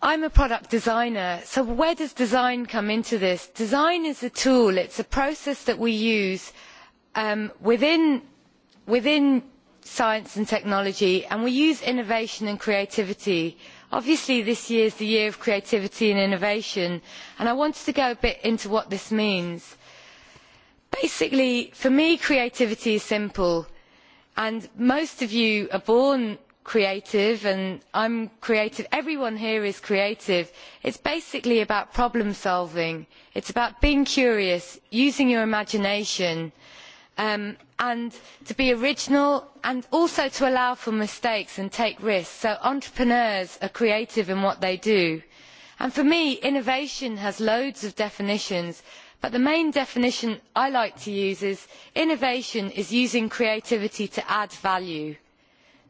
I'm a product designer, so where does design come into this? Design is a tool, it's a process that we use um, within, within science and technology and we use innovation and creativity. obviously this year is the year of creativity and innovation and i wanted to go a bit into what this means. basically for me creativity is simple and most of you are born creative and i am creative everyone here is creative. it is basically about problem solving it is about being curious using your imagination and Um, and to be original and also to allow for mistakes and take risks. So entrepreneurs are creative in what they do. for me, innovation has loads of definitions, but the main definition I like to use is innovation is using creativity to add value.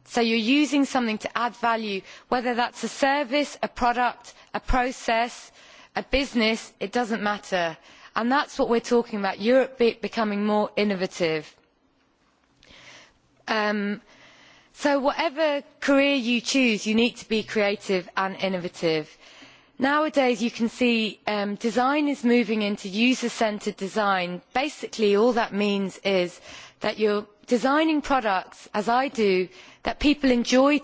So you are using something to add value, whether that is a service, a product, a process, a business, it does not matter and that is what we are talking about europe becoming more innovative. Um, so whatever career you choose you need to be creative and innovative. nowadays you can see um, design is moving into user centred design. basically all that means is that you are designing products as i do that people enjoy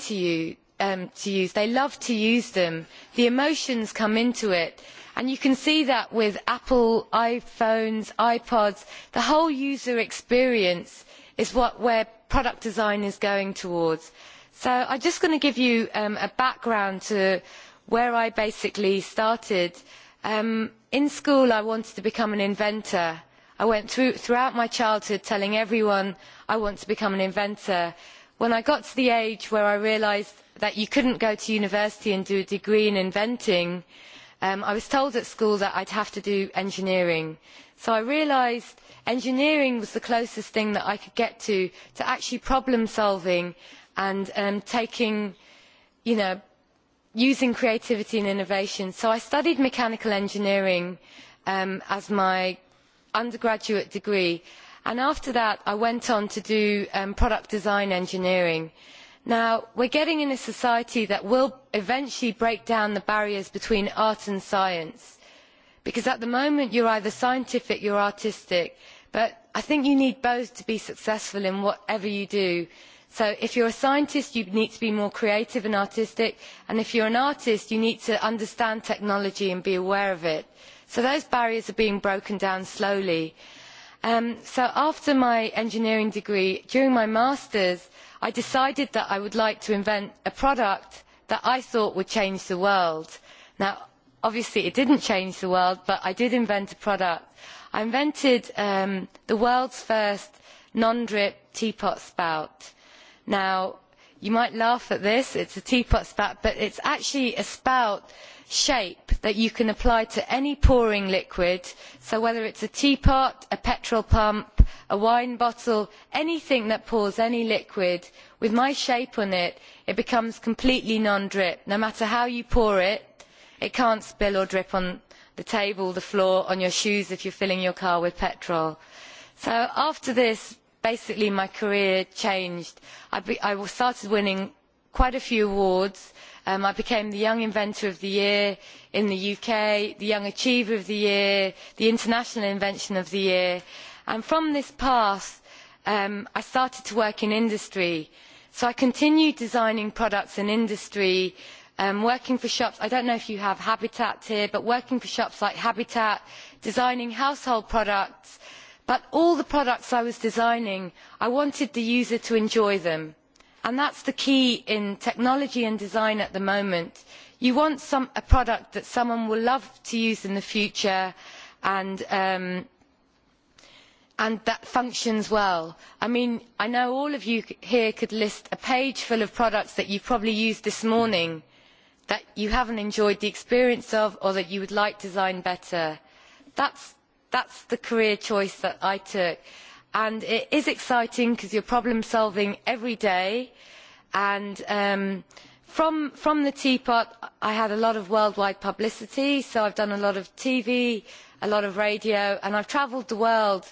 um, to, use they love to use them the emotions come into it and you can see that with apple iphones ipods the whole user experience is what, where product design is going towards. so i am just going to give you um, a background to where i basically started. Um, in school i wanted to become an inventor. i went throughout my childhood telling everyone i wanted to become an inventor. when i got to the age where i realised that you could not go to university and do a degree in inventing Um, I was told at school that I'd have to do engineering. So I realised engineering was the closest thing that I could get to, to actually problem solving and um, taking, you know, using creativity and innovation. So I studied mechanical engineering um, as my undergraduate degree. And after that, I went on to do um, product design engineering. Uh, Now, are getting in a society that will eventually break down the barriers between art and science. Because at the moment, you are either scientific, or artistic. But I think you need both to be successful in whatever you do. So if you are a scientist, you need to be more creative and artistic. And if you are an artist, you need to understand technology and be aware of it. So those barriers are being broken down slowly. Um, after my engineering degree, during my master's, i decided that i would like to invent a product that i thought would change the world. now obviously it did not change the world but i did invent a product. i invented um, the world's first non drip teapot spout. now you might laugh at this it is a teapot spout but it is actually a spout shape that you can apply to any pouring liquid so whether it is a teapot a petrol pump a wine bottle anything that pours any liquid with my shape on it it becomes completely non drip. no matter how you pour it it cannot spill or drip on the table the floor on your shoes if you are filling your car with petrol. so after this basically my career changed. i, be, I started winning quite a few awards. Um, i became the young inventor of the year in the uk the young achiever of the year the international invention of the year and from this path um, i started to work in industry so i continued designing products in industry um, working for shops i don't know if you have habitat here but working for shops like habitat designing household products but all the products i was designing i wanted the user to enjoy them and that is the key in technology and design at the moment you want some, a product that someone will love to use in the future and um, and that functions well. I, mean, I know all of you here could list a page full of products that have probably used this morning that you haven't enjoyed the experience of or that you would like designed better. That's, that's the career choice that I took. And it is exciting because you're problem solving every day. And um, from, from the teapot, I had a lot of worldwide publicity. So I've done a lot of TV, a lot of radio, and I've travelled the world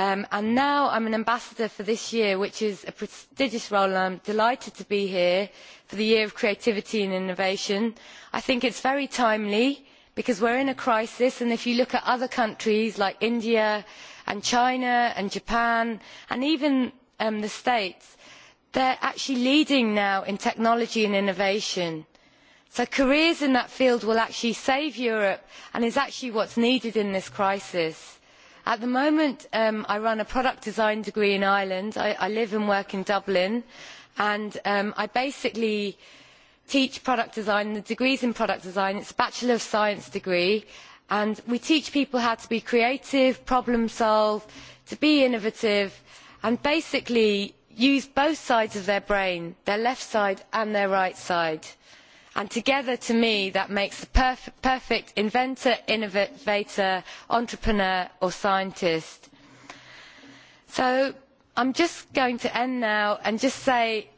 Um, and now i am an ambassador for this year, which is a prestigious role, and i am delighted to be here for the Year of Creativity and Innovation. I think it is very timely because we are in a crisis, and if you look at other countries like India and China and Japan and even um, the States, they are actually leading now in technology and innovation. So careers in that field will actually save Europe and is actually what is needed in this crisis at the moment um, i run a product design degree in ireland i, live and work in dublin and um, i basically teach product design the degree is in product design it is a bachelor of science degree and we teach people how to be creative problem solve to be innovative and basically use both sides of their brain their left side and their right side and together to me that makes the perfect inventor innovator entrepreneur or scientist. so i am just going to end now and just say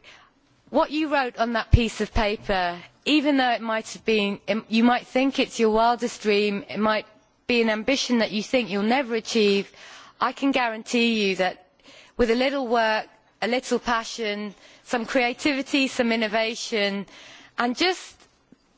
what you wrote on that piece of paper even though it might have been you might think it's your wildest dream it might be an ambition that you think you'll never achieve i can guarantee you that with a little work a little passion some creativity some innovation and and just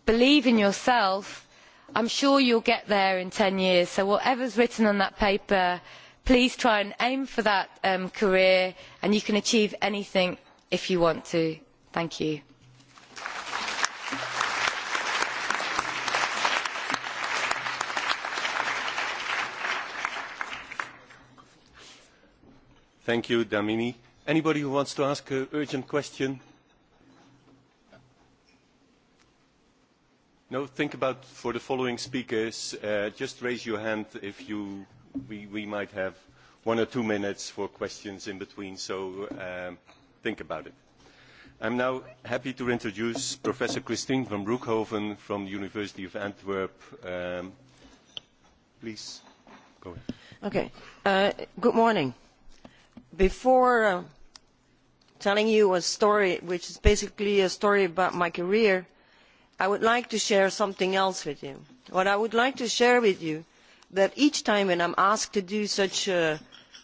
believe in yourself i'm sure you'll get there in 10 years so whatever's written on that paper please try and aim for that um, career and you can achieve anything if you want to thank you thank you damini anybody who wants to ask an urgent question No, think about for the following speakers. Uh, just raise your hand if you. We, we might have one or two minutes for questions in between, so um, think about it. I'm now happy to introduce Professor Christine van Broekhoven from the University of Antwerp. Um, please, go ahead. Okay. Uh, good morning. Before uh, telling you a story, which is basically a story about my career, i would like to share something else with you. what i would like to share with you is that each time when i am asked to do such uh,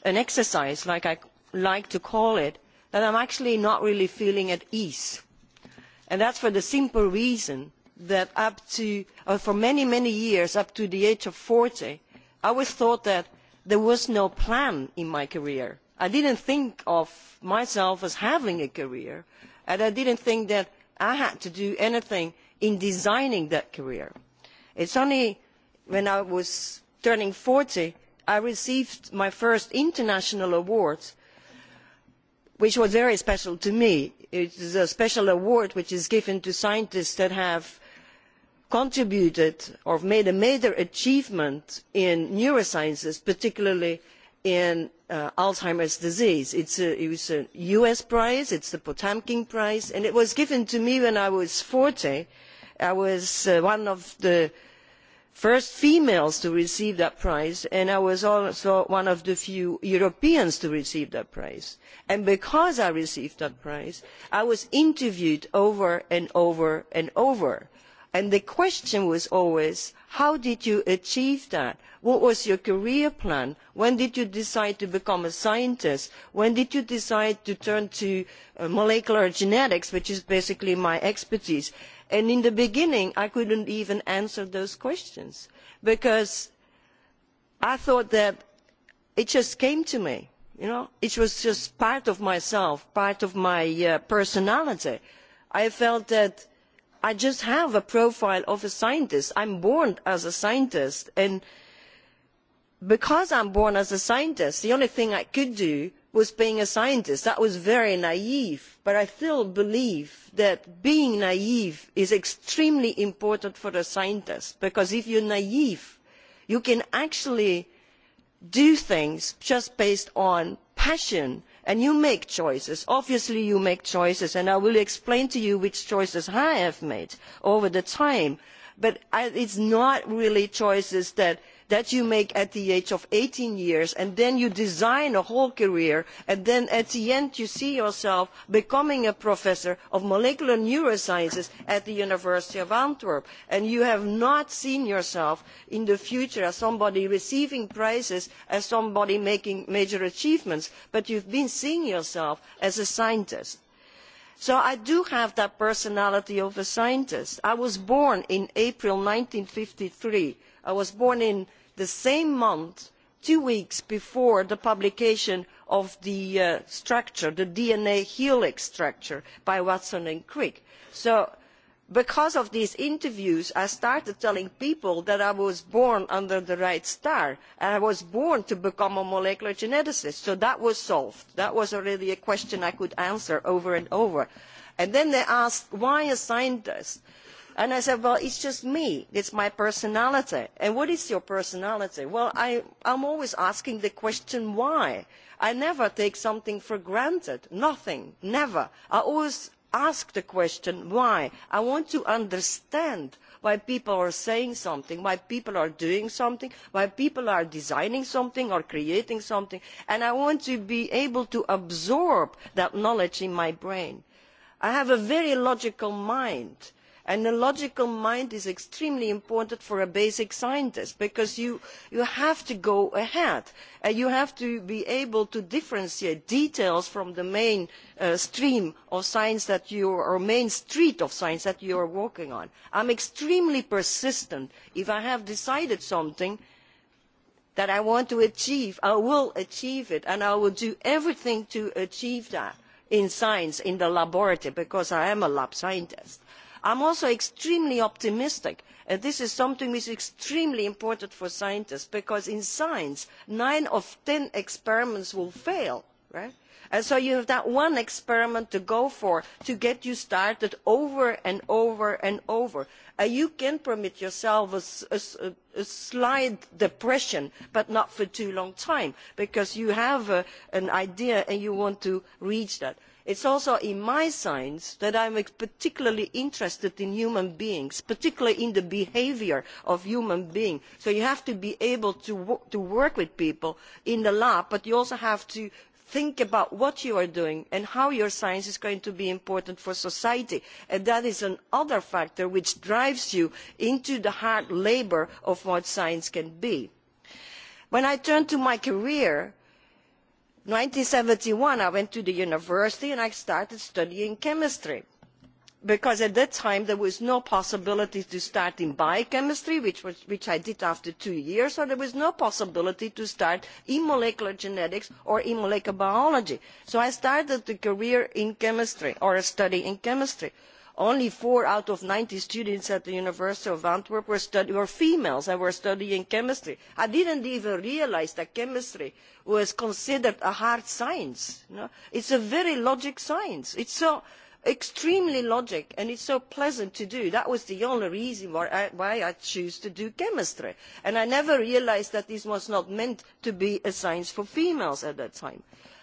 an exercise like i like to call it that i am actually not really feeling at ease and that is for the simple reason that uh, for many many years up to the age of forty i always thought that there was no plan in my career. i did not think of myself as having a career and i did not think that i had to do anything in designing that career. It's only when I was turning 40, I received my first international award, which was very special to me. It is a special award which is given to scientists that have contributed or made a major achievement in neurosciences, particularly in uh, Alzheimer's disease. It's a, it was a US prize, it's the Potemkin Prize, and it was given to me when I was 40 i was uh, one of the first females to receive that prize and i was also one of the few europeans to receive that prize and because i received that prize i was interviewed over and over and over and the question was always how did you achieve that what was your career plan when did you decide to become a scientist when did you decide to turn to uh, molecular genetics which is basically my expertise? And in the beginning, I couldn't even answer those questions because I thought that it just came to me. You know, it was just part of myself, part of my uh, personality. I felt that I just have a profile of a scientist. I'm born as a scientist, and because I'm born as a scientist, the only thing I could do was being a scientist. That was very naive, but I still believe that being naive is extremely important for a scientist because if you're naive, you can actually do things just based on passion and you make choices. Obviously you make choices and I will explain to you which choices I have made over the time, but it it's not really choices that – that you make at the age of eighteen years and then you design a whole career and then at the end you see yourself becoming a professor of molecular neurosciences at the University of Antwerp and you have not seen yourself in the future as somebody receiving prizes, as somebody making major achievements, but you have been seeing yourself as a scientist so i do have that personality of a scientist. i was born in april one thousand nine hundred and fifty three i was born in the same month two weeks before the publication of the uh, structure the dna helix structure by watson and crick. so because of these interviews i started telling people that i was born under the right star and i was born to become a molecular geneticist so that was solved that was already a question i could answer over and over. and then they asked why a scientist? And I said, well, it's just me. It's my personality. And what is your personality? Well, I, I'm always asking the question why. I never take something for granted. Nothing. Never. I always ask the question why. I want to understand why people are saying something, why people are doing something, why people are designing something or creating something. And I want to be able to absorb that knowledge in my brain. I have a very logical mind and a logical mind is extremely important for a basic scientist because you, have to go ahead and you have to be able to differentiate details from the main uh, stream of science that you or main street of science that you are walking on. i am extremely persistent. if i have decided something that i want to achieve i will achieve it and i will do everything to achieve that in science in the laboratory because i am a lab scientist i am also extremely optimistic and this is something which is extremely important for scientists because in science nine out of ten experiments will fail and so you have that one experiment to go for to get you started over and over and over and uh, you can permit yourself a, slight depression but not for too long because you have uh, an idea and you want to reach that it is also in my science that i am particularly interested in human beings particularly in the behaviour of human beings so you have to be able to, work with people in the lab but you also have to think about what you are doing and how your science is going to be important for society and that is another factor which drives you into the hard labour of what science can be. when i turn to my career 1971 I went to the university and I started studying chemistry because at that time there was no possibility to start in biochemistry, which, I did after two years, so there was no possibility to start in molecular genetics or in molecular biology. So I started a career in chemistry or a study in chemistry only four out of ninety students at the university of antwerp were, females and were studying chemistry. i did not even realise that chemistry was considered a hard science. it is a very logic science. it is so extremely logic and it is so pleasant to do. that was the only reason why I chose to do chemistry and i never realised that this was not meant to be a science for females at that time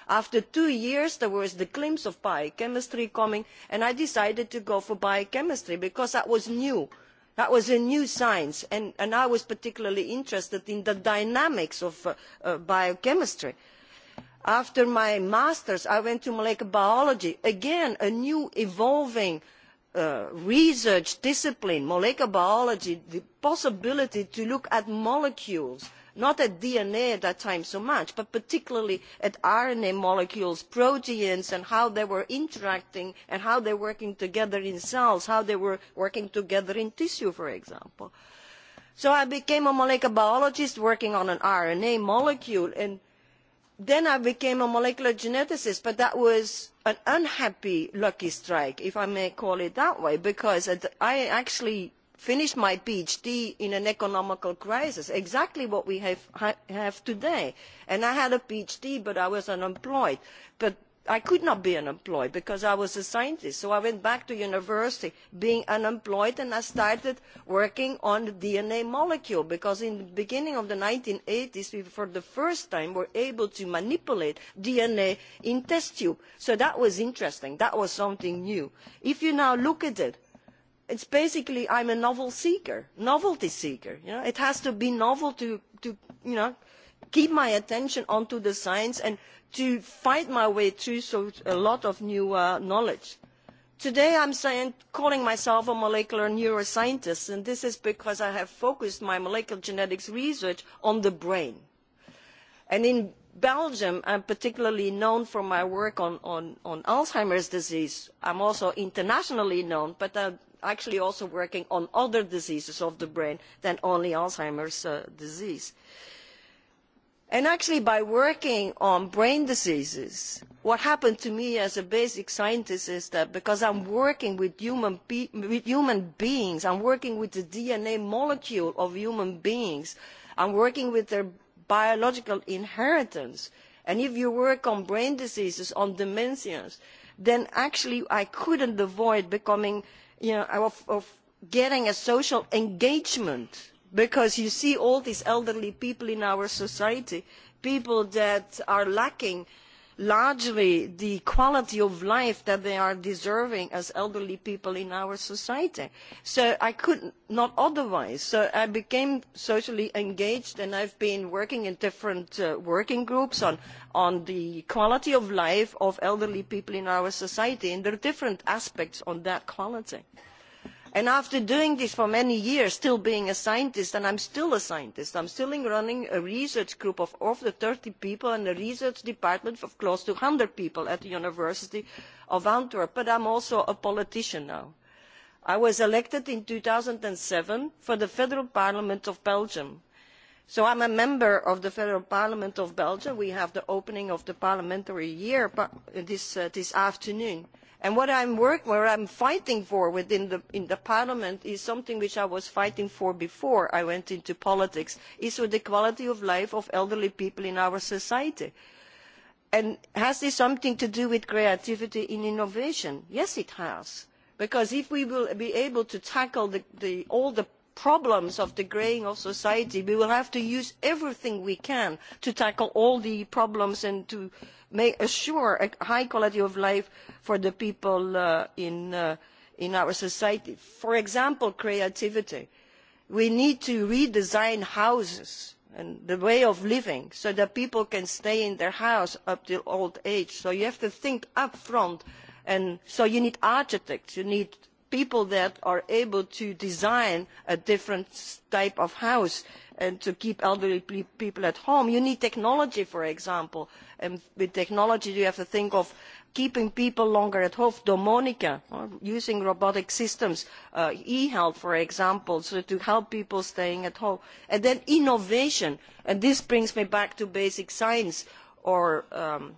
after two years there was the glimpse of biochemistry coming and i decided to go for biochemistry because that was new that was a new science and, i was particularly interested in the dynamics of uh, uh, biochemistry. after my masters i went to molecular biology again a new evolving uh, research discipline molecular biology the possibility to look at molecules not at dna at that time so much but particularly at rna molecules proteins and how they were interacting and how they were working together in cells how they were working together in tissue for example. so i became a molecular biologist working on an rna molecule and then i became a molecular geneticist but that was an unhappy lucky strike if i may call it that way because i actually finish my phd in an economic crisis exactly what we have, have today and i had a phd but i was unemployed but i could not be unemployed because i was a scientist so i went back to university being unemployed and i started working on the dna molecule because in the beginning of the 1980s we for the first time were able to manipulate dna in test tube so that was interesting that was something new if you now look at it it's basically I'm a novel seeker, novelty seeker. You know, it has to be novel to, to you know, keep my attention onto the science and to fight my way through so a lot of new uh, knowledge. Today I'm saying, calling myself a molecular neuroscientist, and this is because I have focused my molecular genetics research on the brain. And in Belgium, I'm particularly known for my work on, on, on Alzheimer's disease. I'm also internationally known, but I'm uh, actually also working on other diseases of the brain than only Alzheimer's uh, disease. And actually, by working on brain diseases, what happened to me as a basic scientist is that because I'm working with human, be with human beings, I'm working with the DNA molecule of human beings, I'm working with their biological inheritance. And if you work on brain diseases, on dementias, then actually I couldn't avoid becoming you know, of, of getting a social engagement because you see all these elderly people in our society, people that are lacking uh, largely the quality of life that they are deserving as elderly people in our society. So I could not otherwise. So I became socially engaged and I've been working in different uh, working groups on, on the quality of life of elderly people in our society and there are different aspects on that quality and after doing this for many years still being a scientist and i am still a scientist i am still running a research group of over thirty people and a research department of close to one hundred people at the university of antwerp but i am also a politician now. i was elected in two thousand and seven for the federal parliament of belgium so i am a member of the federal parliament of belgium we have the opening of the parliamentary year uh, uh, this, afternoon and And what I'm work, where I'm fighting for within the, in the parliament is something which I was fighting for before I went into politics, is for the quality of life of elderly people in our society. And has this something to do with creativity and innovation? Yes, it has. Because if we will be able to tackle the, the, all the problems of degrading of society we will have to use everything we can to tackle all the problems and to make, assure a high quality of life for the people uh, in, uh, in our society. For example, creativity. We need to redesign houses and the way of living so that people can stay in their house up till old age. So you have to think up front. And so you need architects, you need people that are able to design a different type of house and to keep elderly people at home. You need technology, for example. And with technology, you have to think of keeping people longer at home, domonica, or using robotic systems, uh, e-health, for example, so to help people staying at home. And then innovation. And this brings me back to basic science or um,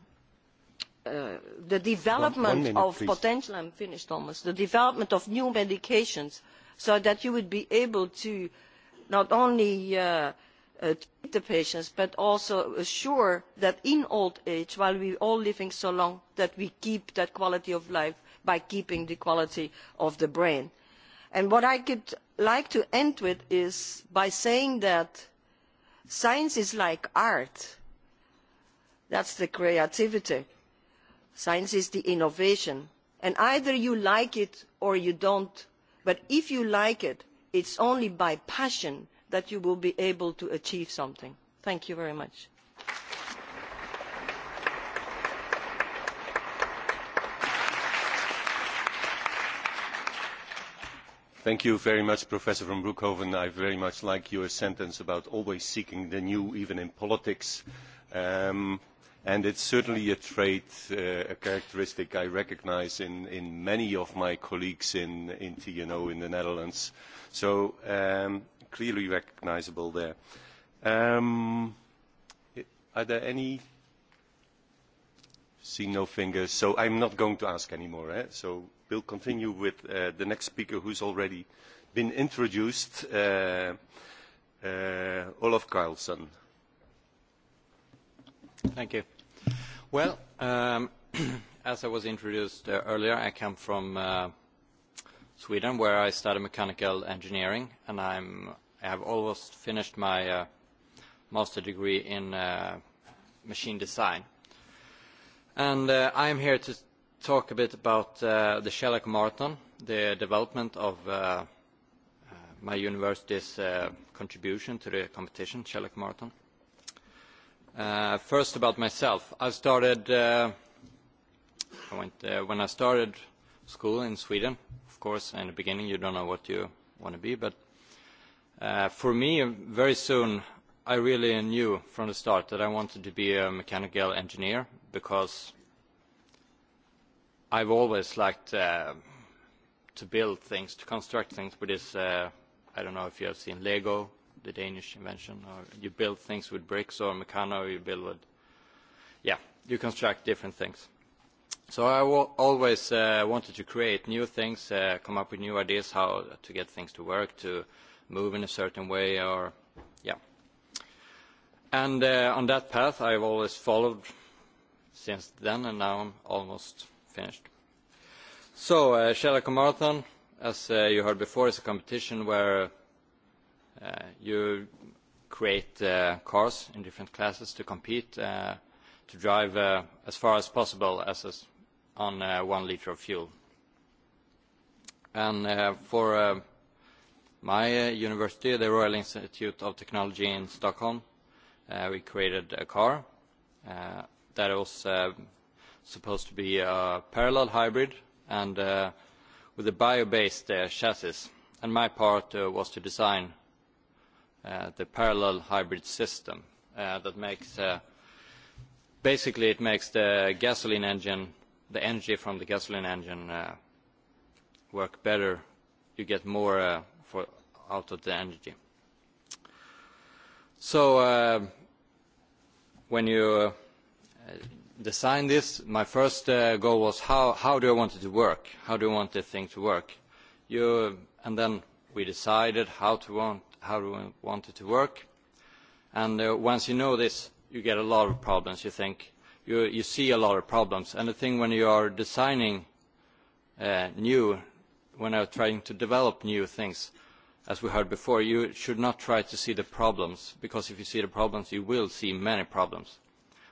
Uh, the development minute, of potential, I'm finished almost, the development of new medications so that you would be able to not only uh, uh, treat the patients but also assure that in old age, while we're all living so long, that we keep that quality of life by keeping the quality of the brain. And what I could like to end with is by saying that science is like art. That's the creativity science is the innovation and either you like it or you don't but if you like it it's only by passion that you will be able to achieve something thank you very much Thank you very much, Professor van Broekhoven. I very much like your sentence about always seeking the new, even in politics. Um, and it is certainly a trait, uh, a characteristic I recognize in, in many of my colleagues in, in TNO in the Netherlands. So um, clearly recognizable there. Um, are there any? see no fingers, so I'm not going to ask anymore. Eh? So we'll continue with uh, the next speaker who's already been introduced, uh, uh, Olaf Carlson. Thank you. Well, um, as I was introduced uh, earlier, I come from uh, Sweden, where I studied mechanical engineering, and I have almost finished my master's uh, master degree in machine design. And uh, I am here to talk a bit about uh, the Shellac Marathon, the development of uh, my university's uh, contribution to the competition, Shellac Marathon. Uh, first about myself. I started uh, I went, uh, when I started school in Sweden, of course, in the beginning you don't know what you want to be, but uh, for me, very soon, I really knew from the start that I wanted to be a mechanical engineer because I've always liked uh, to build things, to construct things with this, uh, I don't know if you have seen Lego the Danish invention, or you build things with bricks or mechano, or you build with, yeah, you construct different things. So I always uh, wanted to create new things, uh, come up with new ideas how to get things to work, to move in a certain way, or yeah. And uh, on that path, I've always followed since then, and now I'm almost finished. So uh, Shellac Marathon, as uh, you heard before, is a competition where Uh, you create uh, cars in different classes to compete uh, to drive as far as possible as on one liter of fuel. And for my university, the Royal Institute of Technology in Stockholm, we created a car that was supposed to be a parallel hybrid and with a bio-based chassis. And my part was to design Uh, the parallel hybrid system uh, that makes uh, basically it makes the gasoline engine the energy from the gasoline engine work better you get more for, out of the energy so when you design this my first goal was how how do i want it to work how do i want the thing to work you and then we decided how to want how do we want it to work? And uh, once you know this, you get a lot of problems. You think you, you see a lot of problems. And the thing when you are designing uh, new, when you are trying to develop new things, as we heard before, you should not try to see the problems, because if you see the problems, you will see many problems.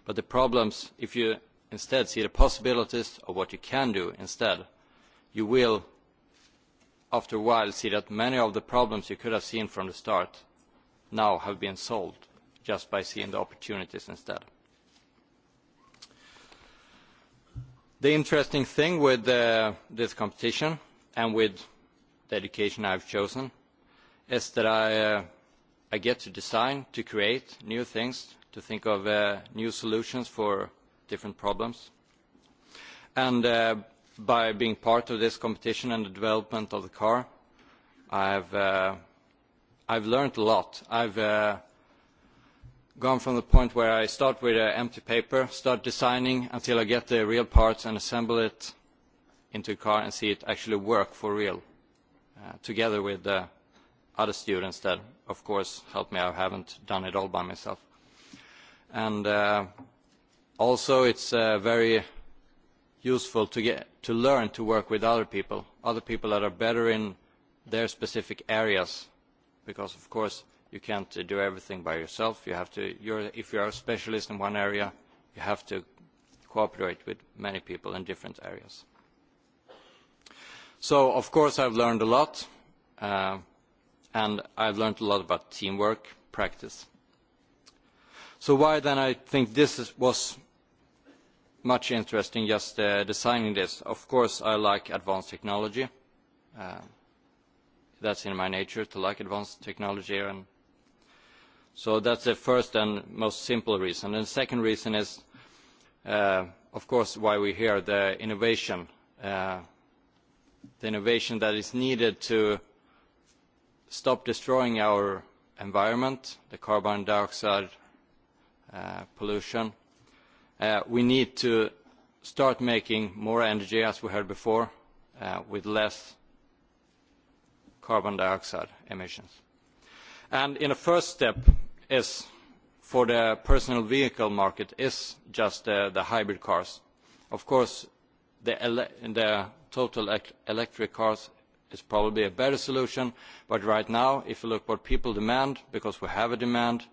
But the problems, if you instead see the possibilities of what you can do instead, you will after a while see that many of the problems you could have seen from the start now have been solved just by seeing the opportunities instead. The interesting thing with uh, this competition and with the education I've chosen is that I, uh, I get to design, to create new things, to think of uh, new solutions for different problems. And uh, by being part of this competition and the development of the car. I've, uh, I've learned a lot. I've uh, gone from the point where I start with an empty paper, start designing until I get the real parts and assemble it into a car and see it actually work for real, uh, together with uh, other students that, of course, helped me. I haven't done it all by myself. And uh, also, it's uh, very useful to, learn to work with other people, other people that are better in their specific areas, because of course you cannot uh, do everything by yourself. if you are a specialist in one area, you have to cooperate with many people in different areas. So of course i have learned a lot, uh, and i have learned a lot about teamwork, practice. So why then do I think this was much interest in just uh, designing this. Of course, I like advanced technology. Uh, that's in my nature to like advanced technology. And so that's the first and most simple reason. And the second reason is, uh, of course, why we hear the innovation, uh, the innovation that is needed to stop destroying our environment, the carbon dioxide uh, pollution, Uh, we need to start making more energy, as we heard before, uh, with less carbon dioxide emissions. And in a first step is for the personal vehicle market is just uh, the hybrid cars. Of course, the, ele the total e electric cars is probably a better solution, but right now, if you look what people demand, because we have a demand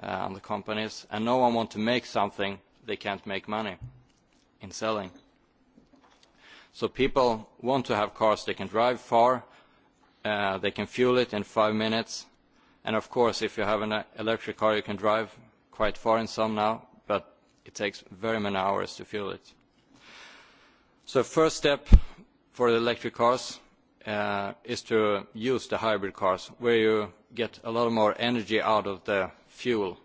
uh, on the companies, and no one wants to make something they can't make money in selling. So people want to have cars they can drive far, uh, they can fuel it in five minutes, and of course if you have an uh, electric car you can drive quite far in some now, but it takes very many hours to fuel it. So first step for the electric cars uh, is to use the hybrid cars where you get a lot more energy out of the fuel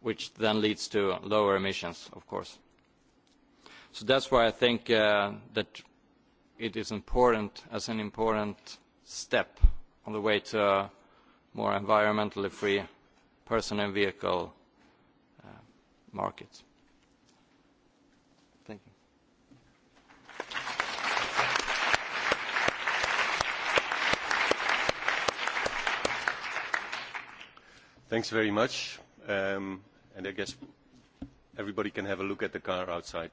which then leads to lower emissions, of course. So that's why I think uh, that it is important as an important step on the way to a more environmentally free personal and vehicle uh, market. Thank you. Thanks very much. Um, and I guess everybody can have a look at the car outside.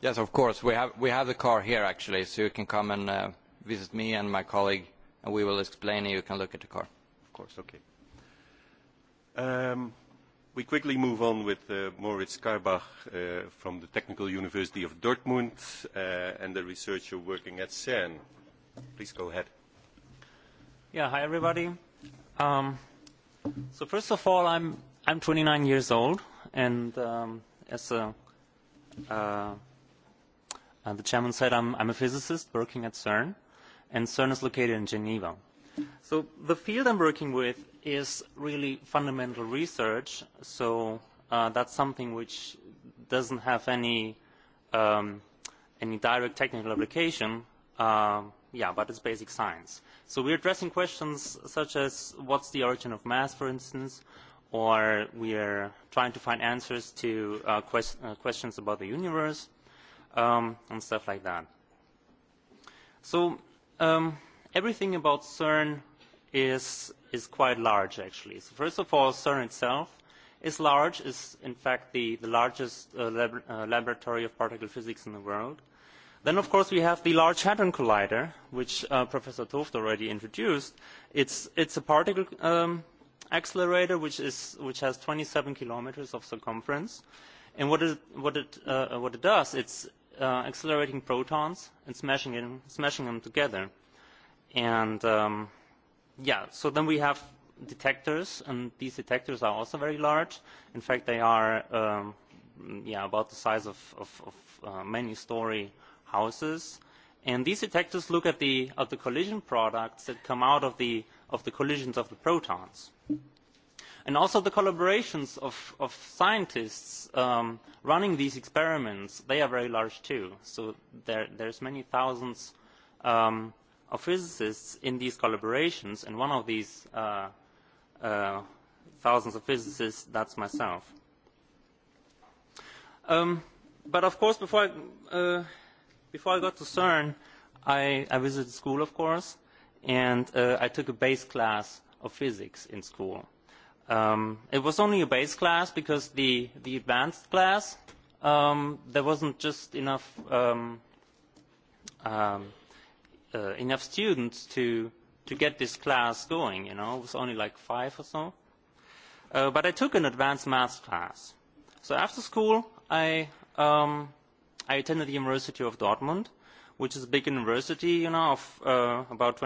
Yes, of course. We have, we have the car here, actually, so you can come and uh, visit me and my colleague, and we will explain, and you can look at the car. Of course. Okay. Um, we quickly move on with uh, Moritz Karbach uh, from the Technical University of Dortmund uh, and the researcher working at CERN. Please go ahead. Yeah, hi everybody. Um, so first of all, I'm I'm 29 years old, and um, as a, uh, uh, the chairman said, I'm, I'm a physicist working at CERN, and CERN is located in Geneva. So the field I'm working with is really fundamental research, so uh, that's something which doesn't have any, um, any direct technical application, uh, yeah, but it's basic science. So we're addressing questions such as what's the origin of mass, for instance, or we are trying to find answers to uh, quest uh, questions about the universe um, and stuff like that. So um, everything about CERN is, is quite large, actually. So first of all, CERN itself is large, is in fact the, the largest uh, lab uh, laboratory of particle physics in the world. Then, of course, we have the Large Hadron Collider, which uh, Professor Toft already introduced. It's, it's a particle um, accelerator which, has twenty has 27 of circumference. And what uh, it, does, it's accelerate uh, accelerating protons and smashing, them together. And um, yeah, so then we have detectors, and these detectors are also very large. In fact, they are um, yeah, about the size of, of, of uh, many-story houses. And these detectors look at the, at the collision products that come out of the of the collisions of the protons. And also the collaborations of, of scientists um, running these experiments, they are very large too. So there, there's many thousands um, of physicists in these collaborations, and one of these uh, uh, thousands of physicists, that's myself. Um, but of course, before I, uh, before I got to CERN, I, I visited school, of course, and uh, I took a base class of physics in school. Um, it was only a base class because the, the advanced class, um, there wasn't just enough, um, um, uh, enough students to, to get this class going, you know. It was only like five or so. Uh, but I took an advanced math class. So after school, I, um, I attended the University of Dortmund which is a big university you know, of uh, about